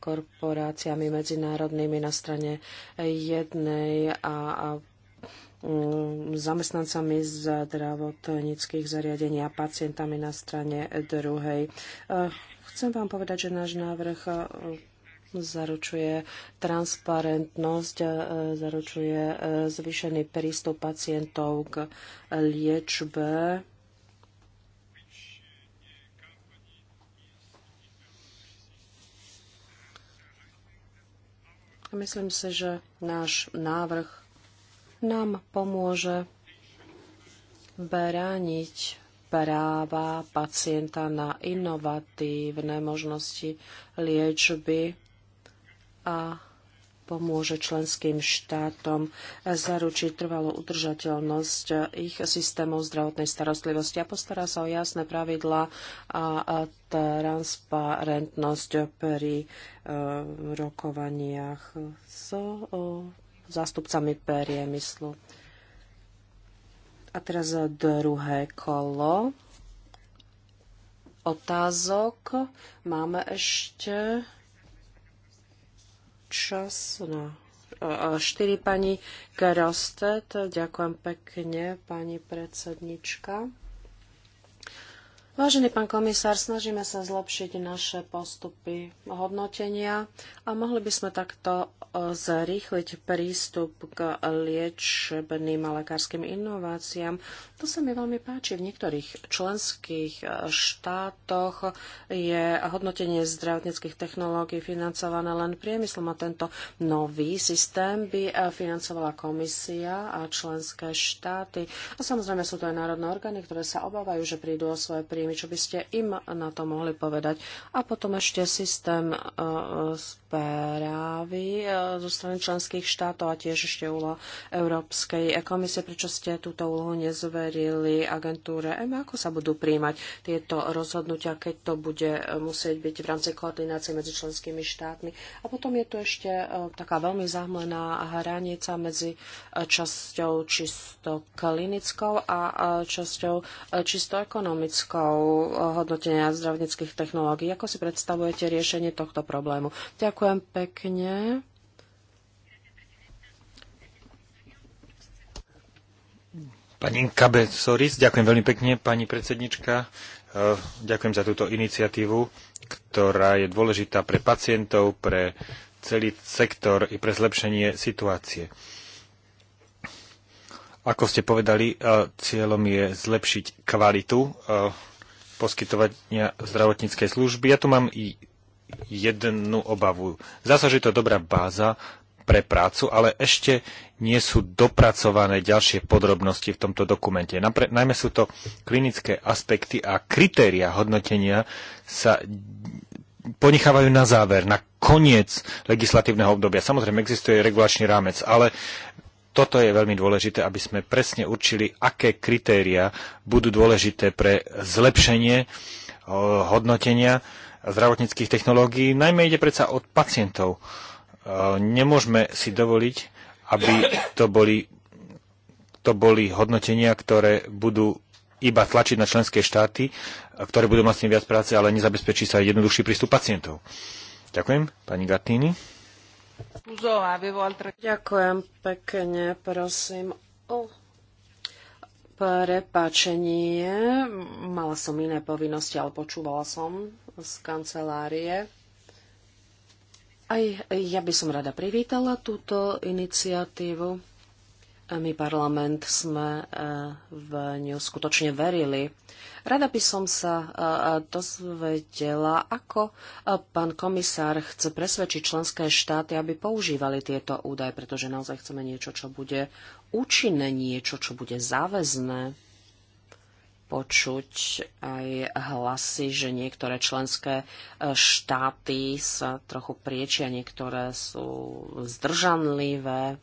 korporáciami medzinárodnými na strane jednej a Um, zamestnancami zdravotníckých zariadení a pacientami na strane druhej. Uh, chcem vám povedať, že náš návrh uh, zaručuje transparentnosť, uh, zaručuje zvýšený prístup pacientov k liečbe. Myslím si, že náš návrh nám pomôže brániť práva pacienta na inovatívne možnosti liečby a pomôže členským štátom zaručiť trvalú udržateľnosť ich systémov zdravotnej starostlivosti a postará sa o jasné pravidlá a transparentnosť pri e, rokovaniach so zástupcami priemyslu. A teraz druhé kolo otázok. Máme ešte čas na no. 4 pani Gerostet. Ďakujem pekne, pani predsednička. Vážený pán komisár, snažíme sa zlepšiť naše postupy hodnotenia a mohli by sme takto e, zrýchliť prístup k liečebným a lekárskym inováciám. To sa mi veľmi páči. V niektorých členských e, štátoch je hodnotenie zdravotníckých technológií financované len priemyslom a tento nový systém by e, financovala komisia a členské štáty. A samozrejme sú to aj národné orgány, ktoré sa obávajú, že prídu o svoje príjmy. Čo by ste im na to mohli povedať? A potom ešte systém e, správy zo strany členských štátov a tiež ešte úloha Európskej komisie, prečo ste túto úlohu nezvedli overili agentúre EMA, ako sa budú príjmať tieto rozhodnutia, keď to bude eh, musieť byť v rámci koordinácie medzi členskými štátmi. A potom je tu ešte eh, taká veľmi zahmlená hranica medzi eh, časťou čisto klinickou a časťou čisto ekonomickou hodnotenia zdravotníckých technológií. Ako si predstavujete riešenie tohto problému? Ďakujem pekne. Pani Kabe Soris, ďakujem veľmi pekne, pani predsednička. E, ďakujem za túto iniciatívu, ktorá je dôležitá pre pacientov, pre celý sektor i pre zlepšenie situácie. Ako ste povedali, e, cieľom je zlepšiť kvalitu e, poskytovania zdravotníckej služby. Ja tu mám i jednu obavu. Zdá sa, že to dobrá báza pre prácu, ale ešte nie sú dopracované ďalšie podrobnosti v tomto dokumente. Napre, najmä sú to klinické aspekty a kritéria hodnotenia sa ponechávajú na záver, na koniec legislatívneho obdobia. Samozrejme, existuje regulačný rámec, ale toto je veľmi dôležité, aby sme presne určili, aké kritéria budú dôležité pre zlepšenie hodnotenia zdravotníckých technológií. Najmä ide predsa od pacientov nemôžeme si dovoliť, aby to boli, to boli hodnotenia, ktoré budú iba tlačiť na členské štáty, ktoré budú vlastne viac práce, ale nezabezpečí sa jednoduchší prístup pacientov. Ďakujem, pani Gattini. Ďakujem pekne, prosím o prepáčenie. Mala som iné povinnosti, ale počúvala som z kancelárie. Aj ja by som rada privítala túto iniciatívu. My parlament sme e, v ňu skutočne verili. Rada by som sa e, dozvedela, ako e, pán komisár chce presvedčiť členské štáty, aby používali tieto údaje, pretože naozaj chceme niečo, čo bude účinné, niečo, čo bude záväzné počuť aj hlasy, že niektoré členské e, štáty sa trochu priečia, niektoré sú zdržanlivé.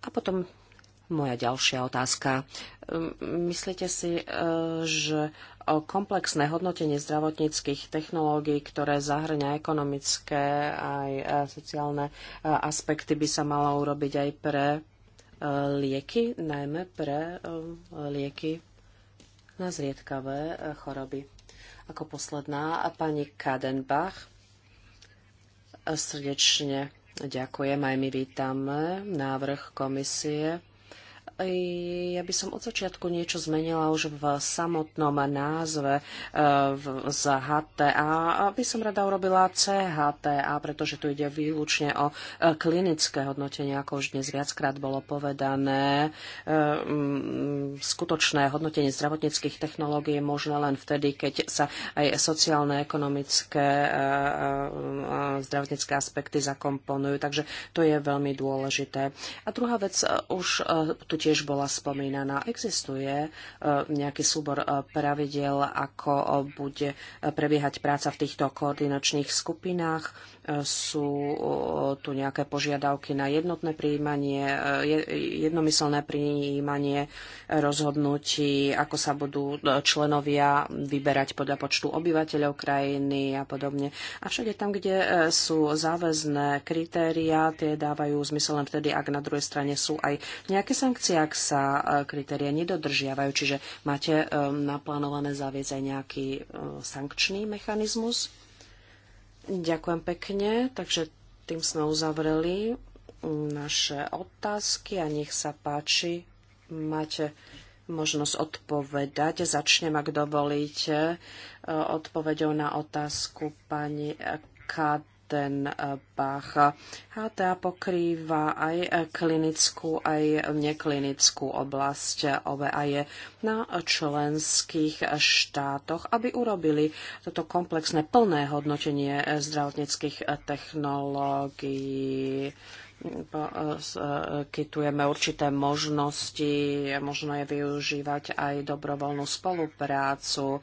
A potom moja ďalšia otázka. Myslíte si, e, že e, komplexné hodnotenie zdravotníckých technológií, ktoré zahrňa ekonomické aj sociálne aspekty, by sa malo urobiť aj pre lieky, najmä pre lieky na zriedkavé e, choroby. Ako posledná, pani Kadenbach. E, srdečne ďakujem, aj my vítame návrh komisie ja by som od začiatku niečo zmenila už v samotnom názve e, z HTA, aby som rada urobila CHTA, pretože tu ide výlučne o e, klinické hodnotenie, ako už dnes viackrát bolo povedané. E, skutočné hodnotenie zdravotníckých technológií je možné len vtedy, keď sa aj sociálne, ekonomické, zdravotnícke aspekty zakomponujú. Takže to je veľmi dôležité. A druhá vec už tu tiež tiež bola spomínaná. Existuje e, nejaký súbor e, pravidel, ako e, bude prebiehať práca v týchto koordinačných skupinách? sú tu nejaké požiadavky na jednotné prijímanie, e, jednomyselné prijímanie rozhodnutí, ako sa budú e, členovia vyberať podľa počtu obyvateľov krajiny a podobne. A všade tam, kde e, sú záväzné kritéria, tie dávajú zmysel len vtedy, ak na druhej strane sú aj nejaké sankcie, ak sa kritéria nedodržiavajú. Čiže máte naplánované zaviesť aj nejaký sankčný mechanizmus? Ďakujem pekne. Takže tým sme uzavreli naše otázky a nech sa páči, máte možnosť odpovedať. Začnem, ak dovolíte, e, odpovedou na otázku pani Kad ten eh, pách. HTA pokrýva aj eh, klinickú, aj neklinickú oblasť a je na členských štátoch, aby urobili toto komplexné plné hodnotenie eh, zdravotníckých technológií kytujeme určité možnosti, možno je využívať aj dobrovoľnú spoluprácu,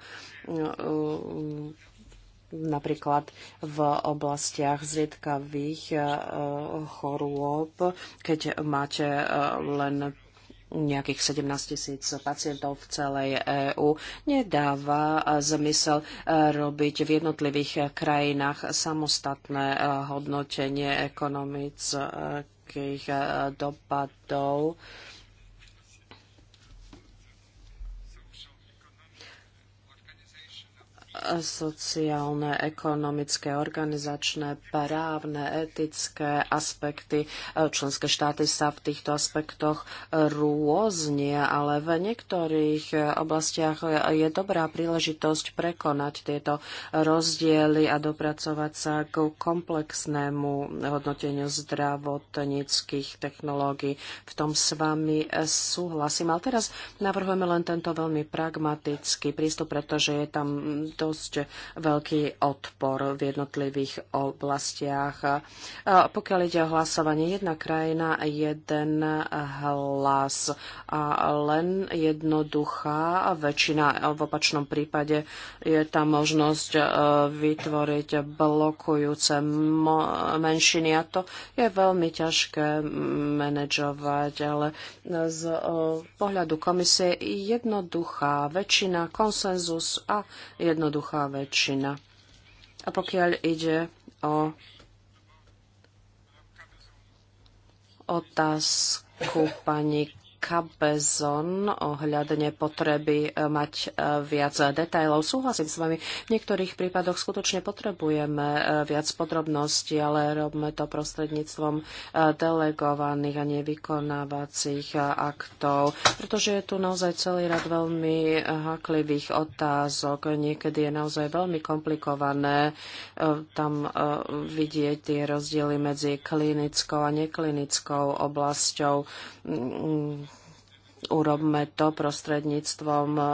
napríklad v oblastiach zriedkavých e, chorôb, keď máte e, len nejakých 17 tisíc pacientov v celej EÚ. Nedáva e, zmysel robiť v jednotlivých krajinách samostatné hodnotenie ekonomických dopadov. sociálne, ekonomické, organizačné, právne, etické aspekty. Členské štáty sa v týchto aspektoch rôznie, ale v niektorých oblastiach je dobrá príležitosť prekonať tieto rozdiely a dopracovať sa k komplexnému hodnoteniu zdravotníckých technológií. V tom s vami súhlasím. Ale teraz navrhujeme len tento veľmi pragmatický prístup, pretože je tam to dosť veľký odpor v jednotlivých oblastiach. Pokiaľ ide o hlasovanie, jedna krajina, jeden hlas a len jednoduchá väčšina. V opačnom prípade je tam možnosť e, vytvoriť blokujúce menšiny a to je veľmi ťažké manažovať, ale z e, pohľadu komisie jednoduchá väčšina, konsenzus a jednoduchá jednoduchá väčšina. A pokiaľ ide o otázku pani Kabezon ohľadne potreby e, mať e, viac e, detajlov. Súhlasím s vami, v niektorých prípadoch skutočne potrebujeme viac podrobností, ale robme to prostredníctvom delegovaných a nevykonávacích aktov, pretože je tu naozaj celý rad veľmi haklivých otázok. Niekedy je naozaj veľmi komplikované tam vidieť tie rozdiely medzi klinickou a neklinickou oblasťou mm, mm, urobme to prostredníctvom e, e,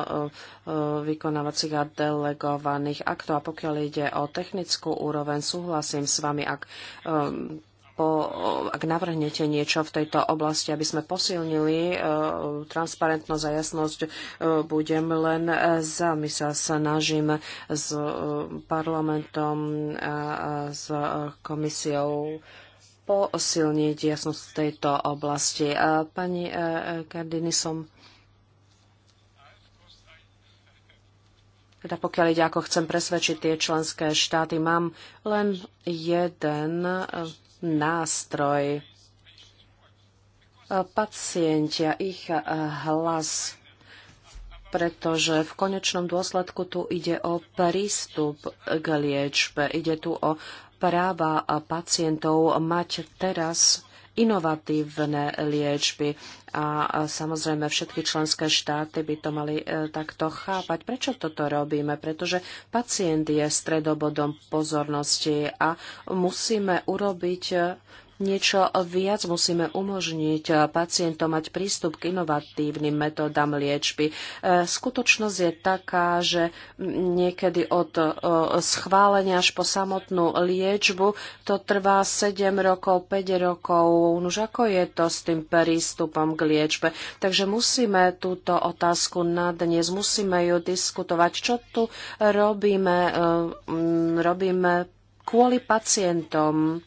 vykonávacích a delegovaných aktov. A pokiaľ ide o technickú úroveň, súhlasím s vami, ak e, po, ak navrhnete niečo v tejto oblasti, aby sme posilnili transparentnosť a jasnosť, e, budem len za. My sa snažíme s parlamentom a, a s komisiou posilniť jasnosť v tejto oblasti. Pani e, e, Gardini, som Teda pokiaľ ide, ako chcem presvedčiť tie členské štáty, mám len jeden e, nástroj. Pacientia, ich hlas, pretože v konečnom dôsledku tu ide o prístup k liečbe, ide tu o práva pacientov mať teraz inovatívne liečby a samozrejme všetky členské štáty by to mali e, takto chápať. Prečo toto robíme? Pretože pacient je stredobodom pozornosti a musíme urobiť e, niečo viac musíme umožniť pacientom mať prístup k inovatívnym metodám liečby. E, skutočnosť je taká, že niekedy od e, schválenia až po samotnú liečbu to trvá 7 rokov, 5 rokov. No už ako je to s tým prístupom k liečbe? Takže musíme túto otázku na dnes, musíme ju diskutovať. Čo tu robíme? E, robíme kvôli pacientom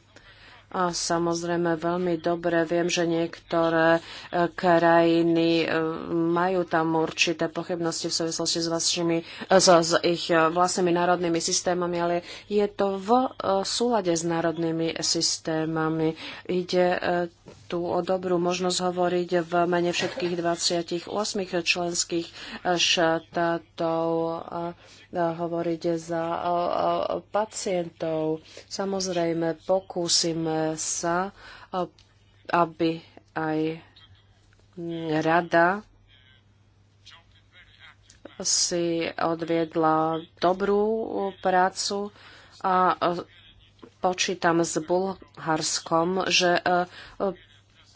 a samozrejme veľmi dobre viem, že niektoré e, krajiny e, majú tam určité pochybnosti v súvislosti s, vašimi, e, s, s ich vlastnými národnými systémami, ale je to v súlade s národnými systémami. Ide tu o dobrú možnosť hovoriť v mene všetkých 28 členských štátov hovoriť za pacientov. Samozrejme, pokúsime sa, aby aj rada si odviedla dobrú prácu a počítam s Bulharskom, že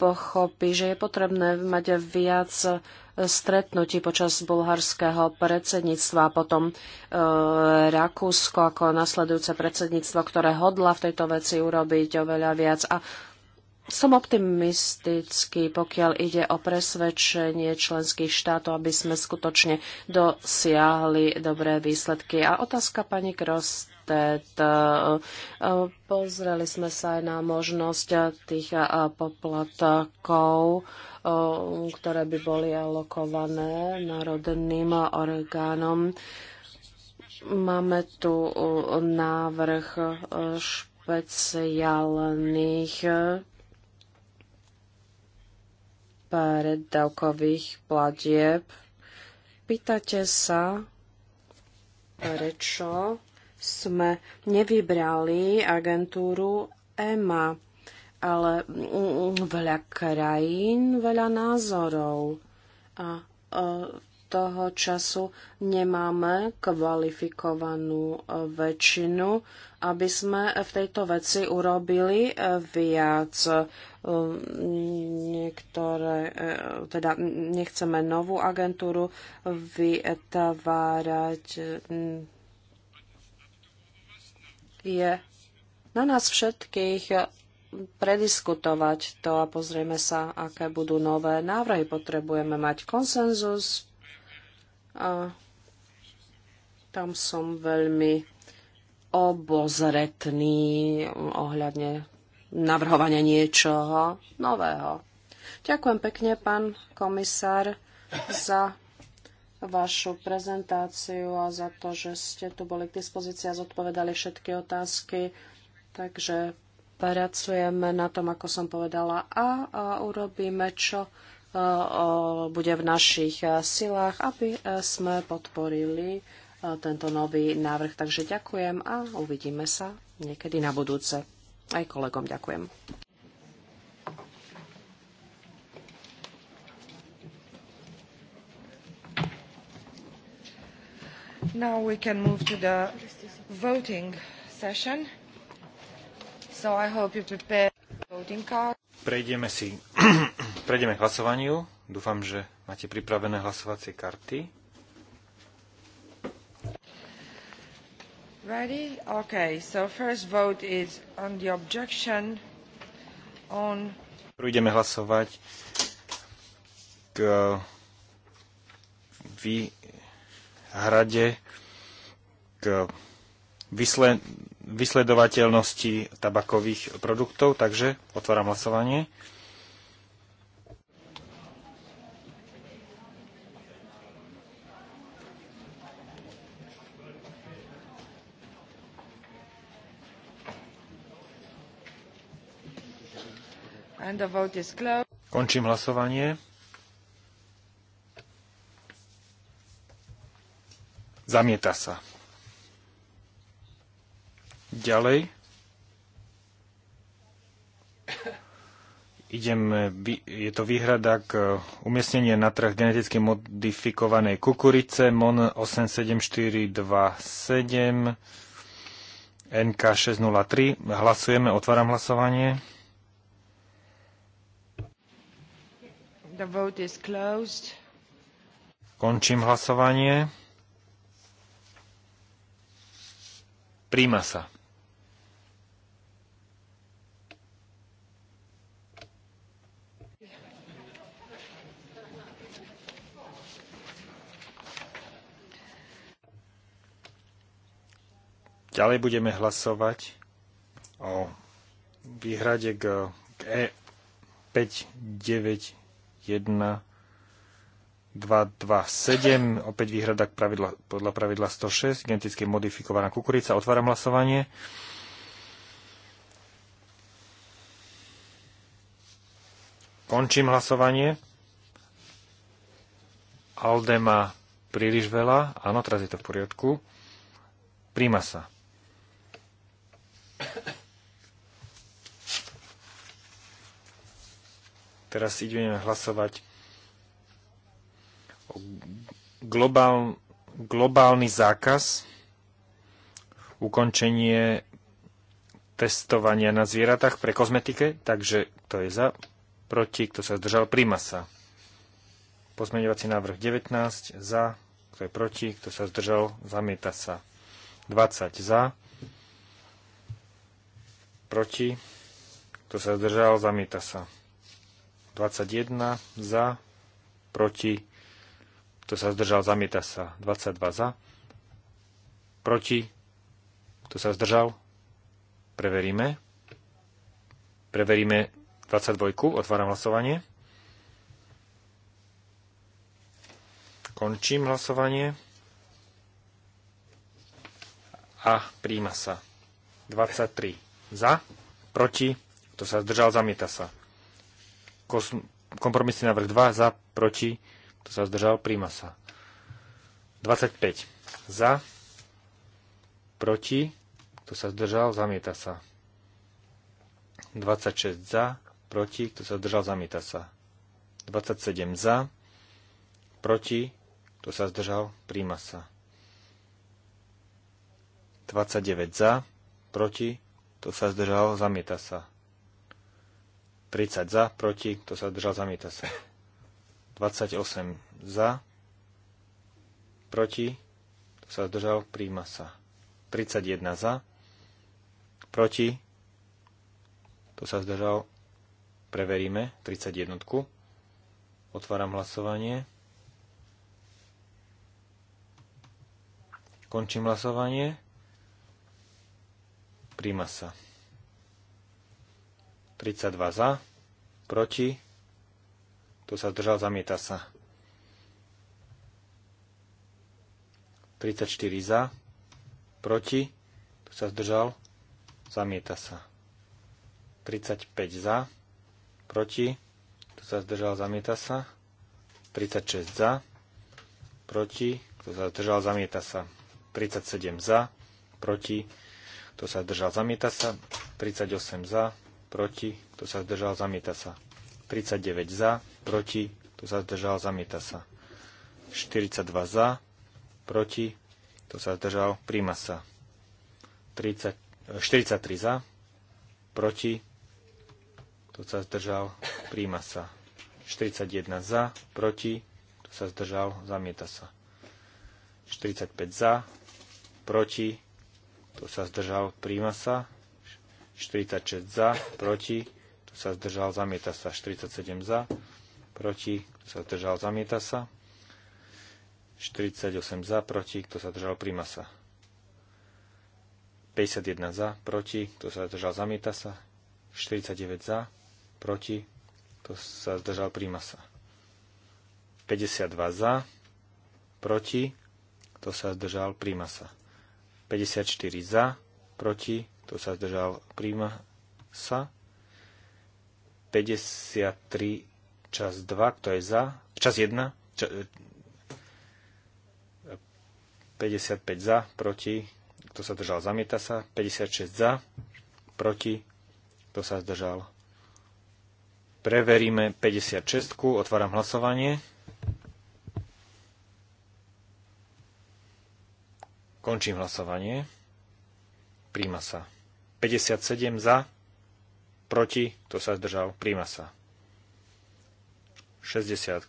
pochopí, že je potrebné mať viac e, stretnutí počas bulharského predsedníctva a potom e, Rakúsko ako nasledujúce predsedníctvo, ktoré hodla v tejto veci urobiť oveľa viac. A som optimistický, pokiaľ ide o presvedčenie členských štátov, aby sme skutočne dosiahli dobré výsledky. A otázka pani Kross Tet. Teda, e, pozreli sme sa aj na možnosť tých e, poplatkov, e, ktoré by boli alokované národným orgánom. Máme tu návrh špeciálnych predávkových platieb. Pýtate sa, prečo sme nevybrali agentúru EMA, ale mm, mm, veľa krajín, veľa názorov. A e, toho času nemáme kvalifikovanú e, väčšinu, aby sme v tejto veci urobili e, viac. Niektoré, teda nechceme novú agentúru vytvárať je na nás všetkých prediskutovať to a pozrieme sa, aké budú nové návrhy. Potrebujeme mať konsenzus. A tam som veľmi obozretný ohľadne navrhovania niečoho nového. Ďakujem pekne, pán komisár, za vašu prezentáciu a za to, že ste tu boli k dispozícii a zodpovedali všetky otázky. Takže pracujeme na tom, ako som povedala, a, a urobíme, čo e, bude v našich e, silách, aby e, sme podporili tento nový návrh. Takže ďakujem a uvidíme sa niekedy na budúce. Aj kolegom ďakujem. Now we can move to the voting session. So I hope you prepare voting card. Prejdeme si prejdeme k hlasovaniu. Dúfam, že máte pripravené hlasovacie karty. Ready? Okay. So first vote is on the objection on Prejdeme hlasovať k uh, vy hrade k vysledovateľnosti tabakových produktov, takže otváram hlasovanie. Končím hlasovanie. Zamieta sa. Ďalej. Idem, je to výhrada k umiestnenie na trh geneticky modifikovanej kukurice MON 87427 NK 603. Hlasujeme, otváram hlasovanie. Končím hlasovanie. Príjma sa. Ďalej budeme hlasovať o výhrade k E591 227, opäť výhrada pravidla, podľa pravidla 106, geneticky modifikovaná kukurica. Otváram hlasovanie. Končím hlasovanie. Alde má príliš veľa. Áno, teraz je to v poriadku. Príjma sa. Teraz ideme hlasovať globál, globálny zákaz, ukončenie testovania na zvieratách pre kozmetike, takže kto je za, proti, kto sa zdržal, príjma sa. Pozmeňovací návrh 19, za, kto je proti, kto sa zdržal, zamieta sa. 20 za, proti, kto sa zdržal, zamieta sa. 21 za, proti, kto sa zdržal, zamieta sa. 22 za. Proti. Kto sa zdržal? Preveríme. Preveríme 22. Otváram hlasovanie. Končím hlasovanie. A príjma sa. 23 za, proti, kto sa zdržal, zamieta sa. Kompromisný návrh 2 za, proti, to sa zdržal? príma sa. 25. Za. Proti. Kto sa zdržal? Zamieta sa. 26 za. Proti. Kto sa zdržal? Zamieta sa. 27 za. Proti. Kto sa zdržal? Príjma sa. 29 za. Proti. Kto sa zdržal? Zamieta sa. 30 za. Proti. Kto sa zdržal? Zamieta sa. 28 za, proti, to sa zdržal, príjma sa. 31 za, proti, to sa zdržal, preveríme, 31. Otváram hlasovanie. Končím hlasovanie. Príjma sa. 32 za, proti, kto sa zdržal, zamieta sa. 34 za, proti, kto sa zdržal, zamieta sa. 35 za, proti, kto sa zdržal, zamieta sa. 36 za, proti, kto sa zdržal, zamieta sa. 37 za, proti, kto sa zdržal, zamieta sa. 38 za, proti, kto sa zdržal, zamieta sa. 39 za, proti, kto sa zdržal, zamieta sa. 42 za, proti, kto sa zdržal, príjma sa. 30, 43 e, za, proti, kto sa zdržal, príjma sa. 41 za, proti, kto sa zdržal, zamieta sa. 45 za, proti, kto sa zdržal, príjma sa. 46 za, proti, kto sa zdržal, zamieta sa. 47 za, proti, kto sa zdržal, zamieta sa. 48 za, proti, kto sa zdržal, príjma sa. 51 za, proti, kto sa zdržal, zamieta sa. 49 za, proti, kto sa zdržal, príjma sa. 52 za, proti, kto sa zdržal, príjma sa. 54 za, proti, kto sa zdržal, príjma sa. 53 čas 2, kto je za, čas 1, Ča, 55 za, proti, kto sa držal, zamieta sa, 56 za, proti, kto sa zdržal. Preveríme 56, otváram hlasovanie. Končím hlasovanie. Príjma sa. 57 za, proti, kto sa zdržal, príjma sa. 60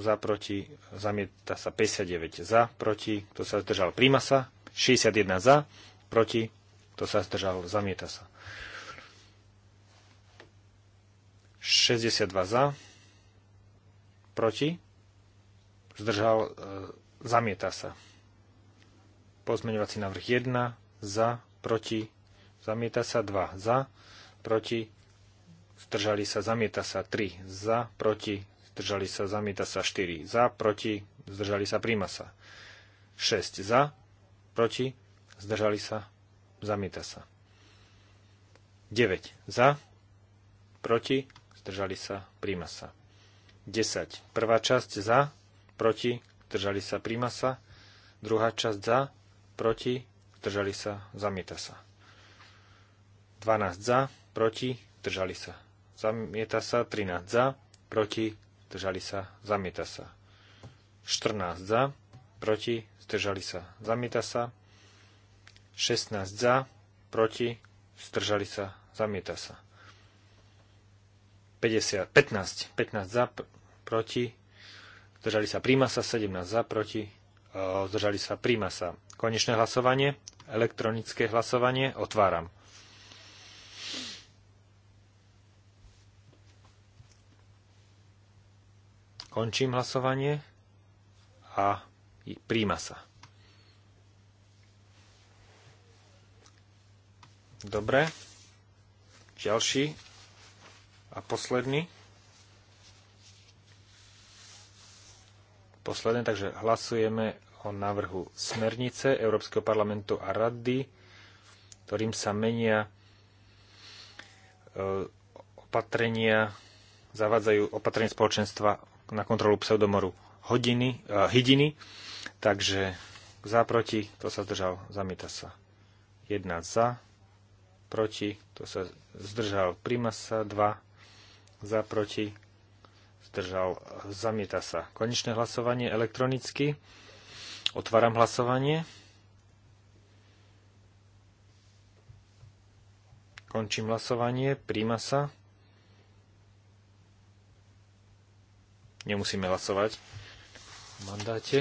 za, proti, zamieta sa 59 za, proti, kto sa zdržal, príjma sa. 61 za, proti, kto sa zdržal, zamieta sa. 62 za, proti, zdržal, e, zamieta sa. Pozmeňovací návrh 1, za, proti, zamieta sa, 2, za, proti, zdržali sa, zamieta sa 3 za, proti, zdržali sa, zamieta sa 4 za, proti, zdržali sa, príjma sa 6 za, proti, zdržali sa, zamieta sa 9 za, proti, zdržali sa, príjma sa 10. Prvá časť za, proti, zdržali sa, príjma sa. Druhá časť za, proti, zdržali sa, zamieta sa. 12 za, proti, držali sa. Zamieta sa 13 za, proti, držali sa, zamieta sa. 14 za, proti, zdržali sa, zamieta sa. 16 za, proti, zdržali sa, zamieta sa. 50, 15, 15 za, proti, zdržali sa, príjma sa, 17 za, proti, zdržali sa, príjma sa. Konečné hlasovanie, elektronické hlasovanie, otváram. Končím hlasovanie a príjma sa. Dobre. Ďalší a posledný. Posledné, takže hlasujeme o návrhu smernice Európskeho parlamentu a rady, ktorým sa menia e, opatrenia, zavádzajú opatrenie spoločenstva na kontrolu pseudomoru hodiny, uh, hydiny, takže za, proti, to sa zdržal, zamieta sa. 1 za, proti, to sa zdržal, príma sa, 2 za, proti, zdržal, zamieta sa. Konečné hlasovanie elektronicky. Otváram hlasovanie. Končím hlasovanie, príma sa. nemusíme hlasovať v mandáte.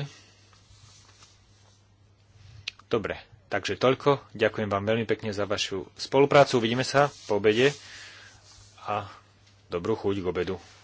Dobre, takže toľko. Ďakujem vám veľmi pekne za vašu spoluprácu. Uvidíme sa po obede a dobrú chuť k obedu.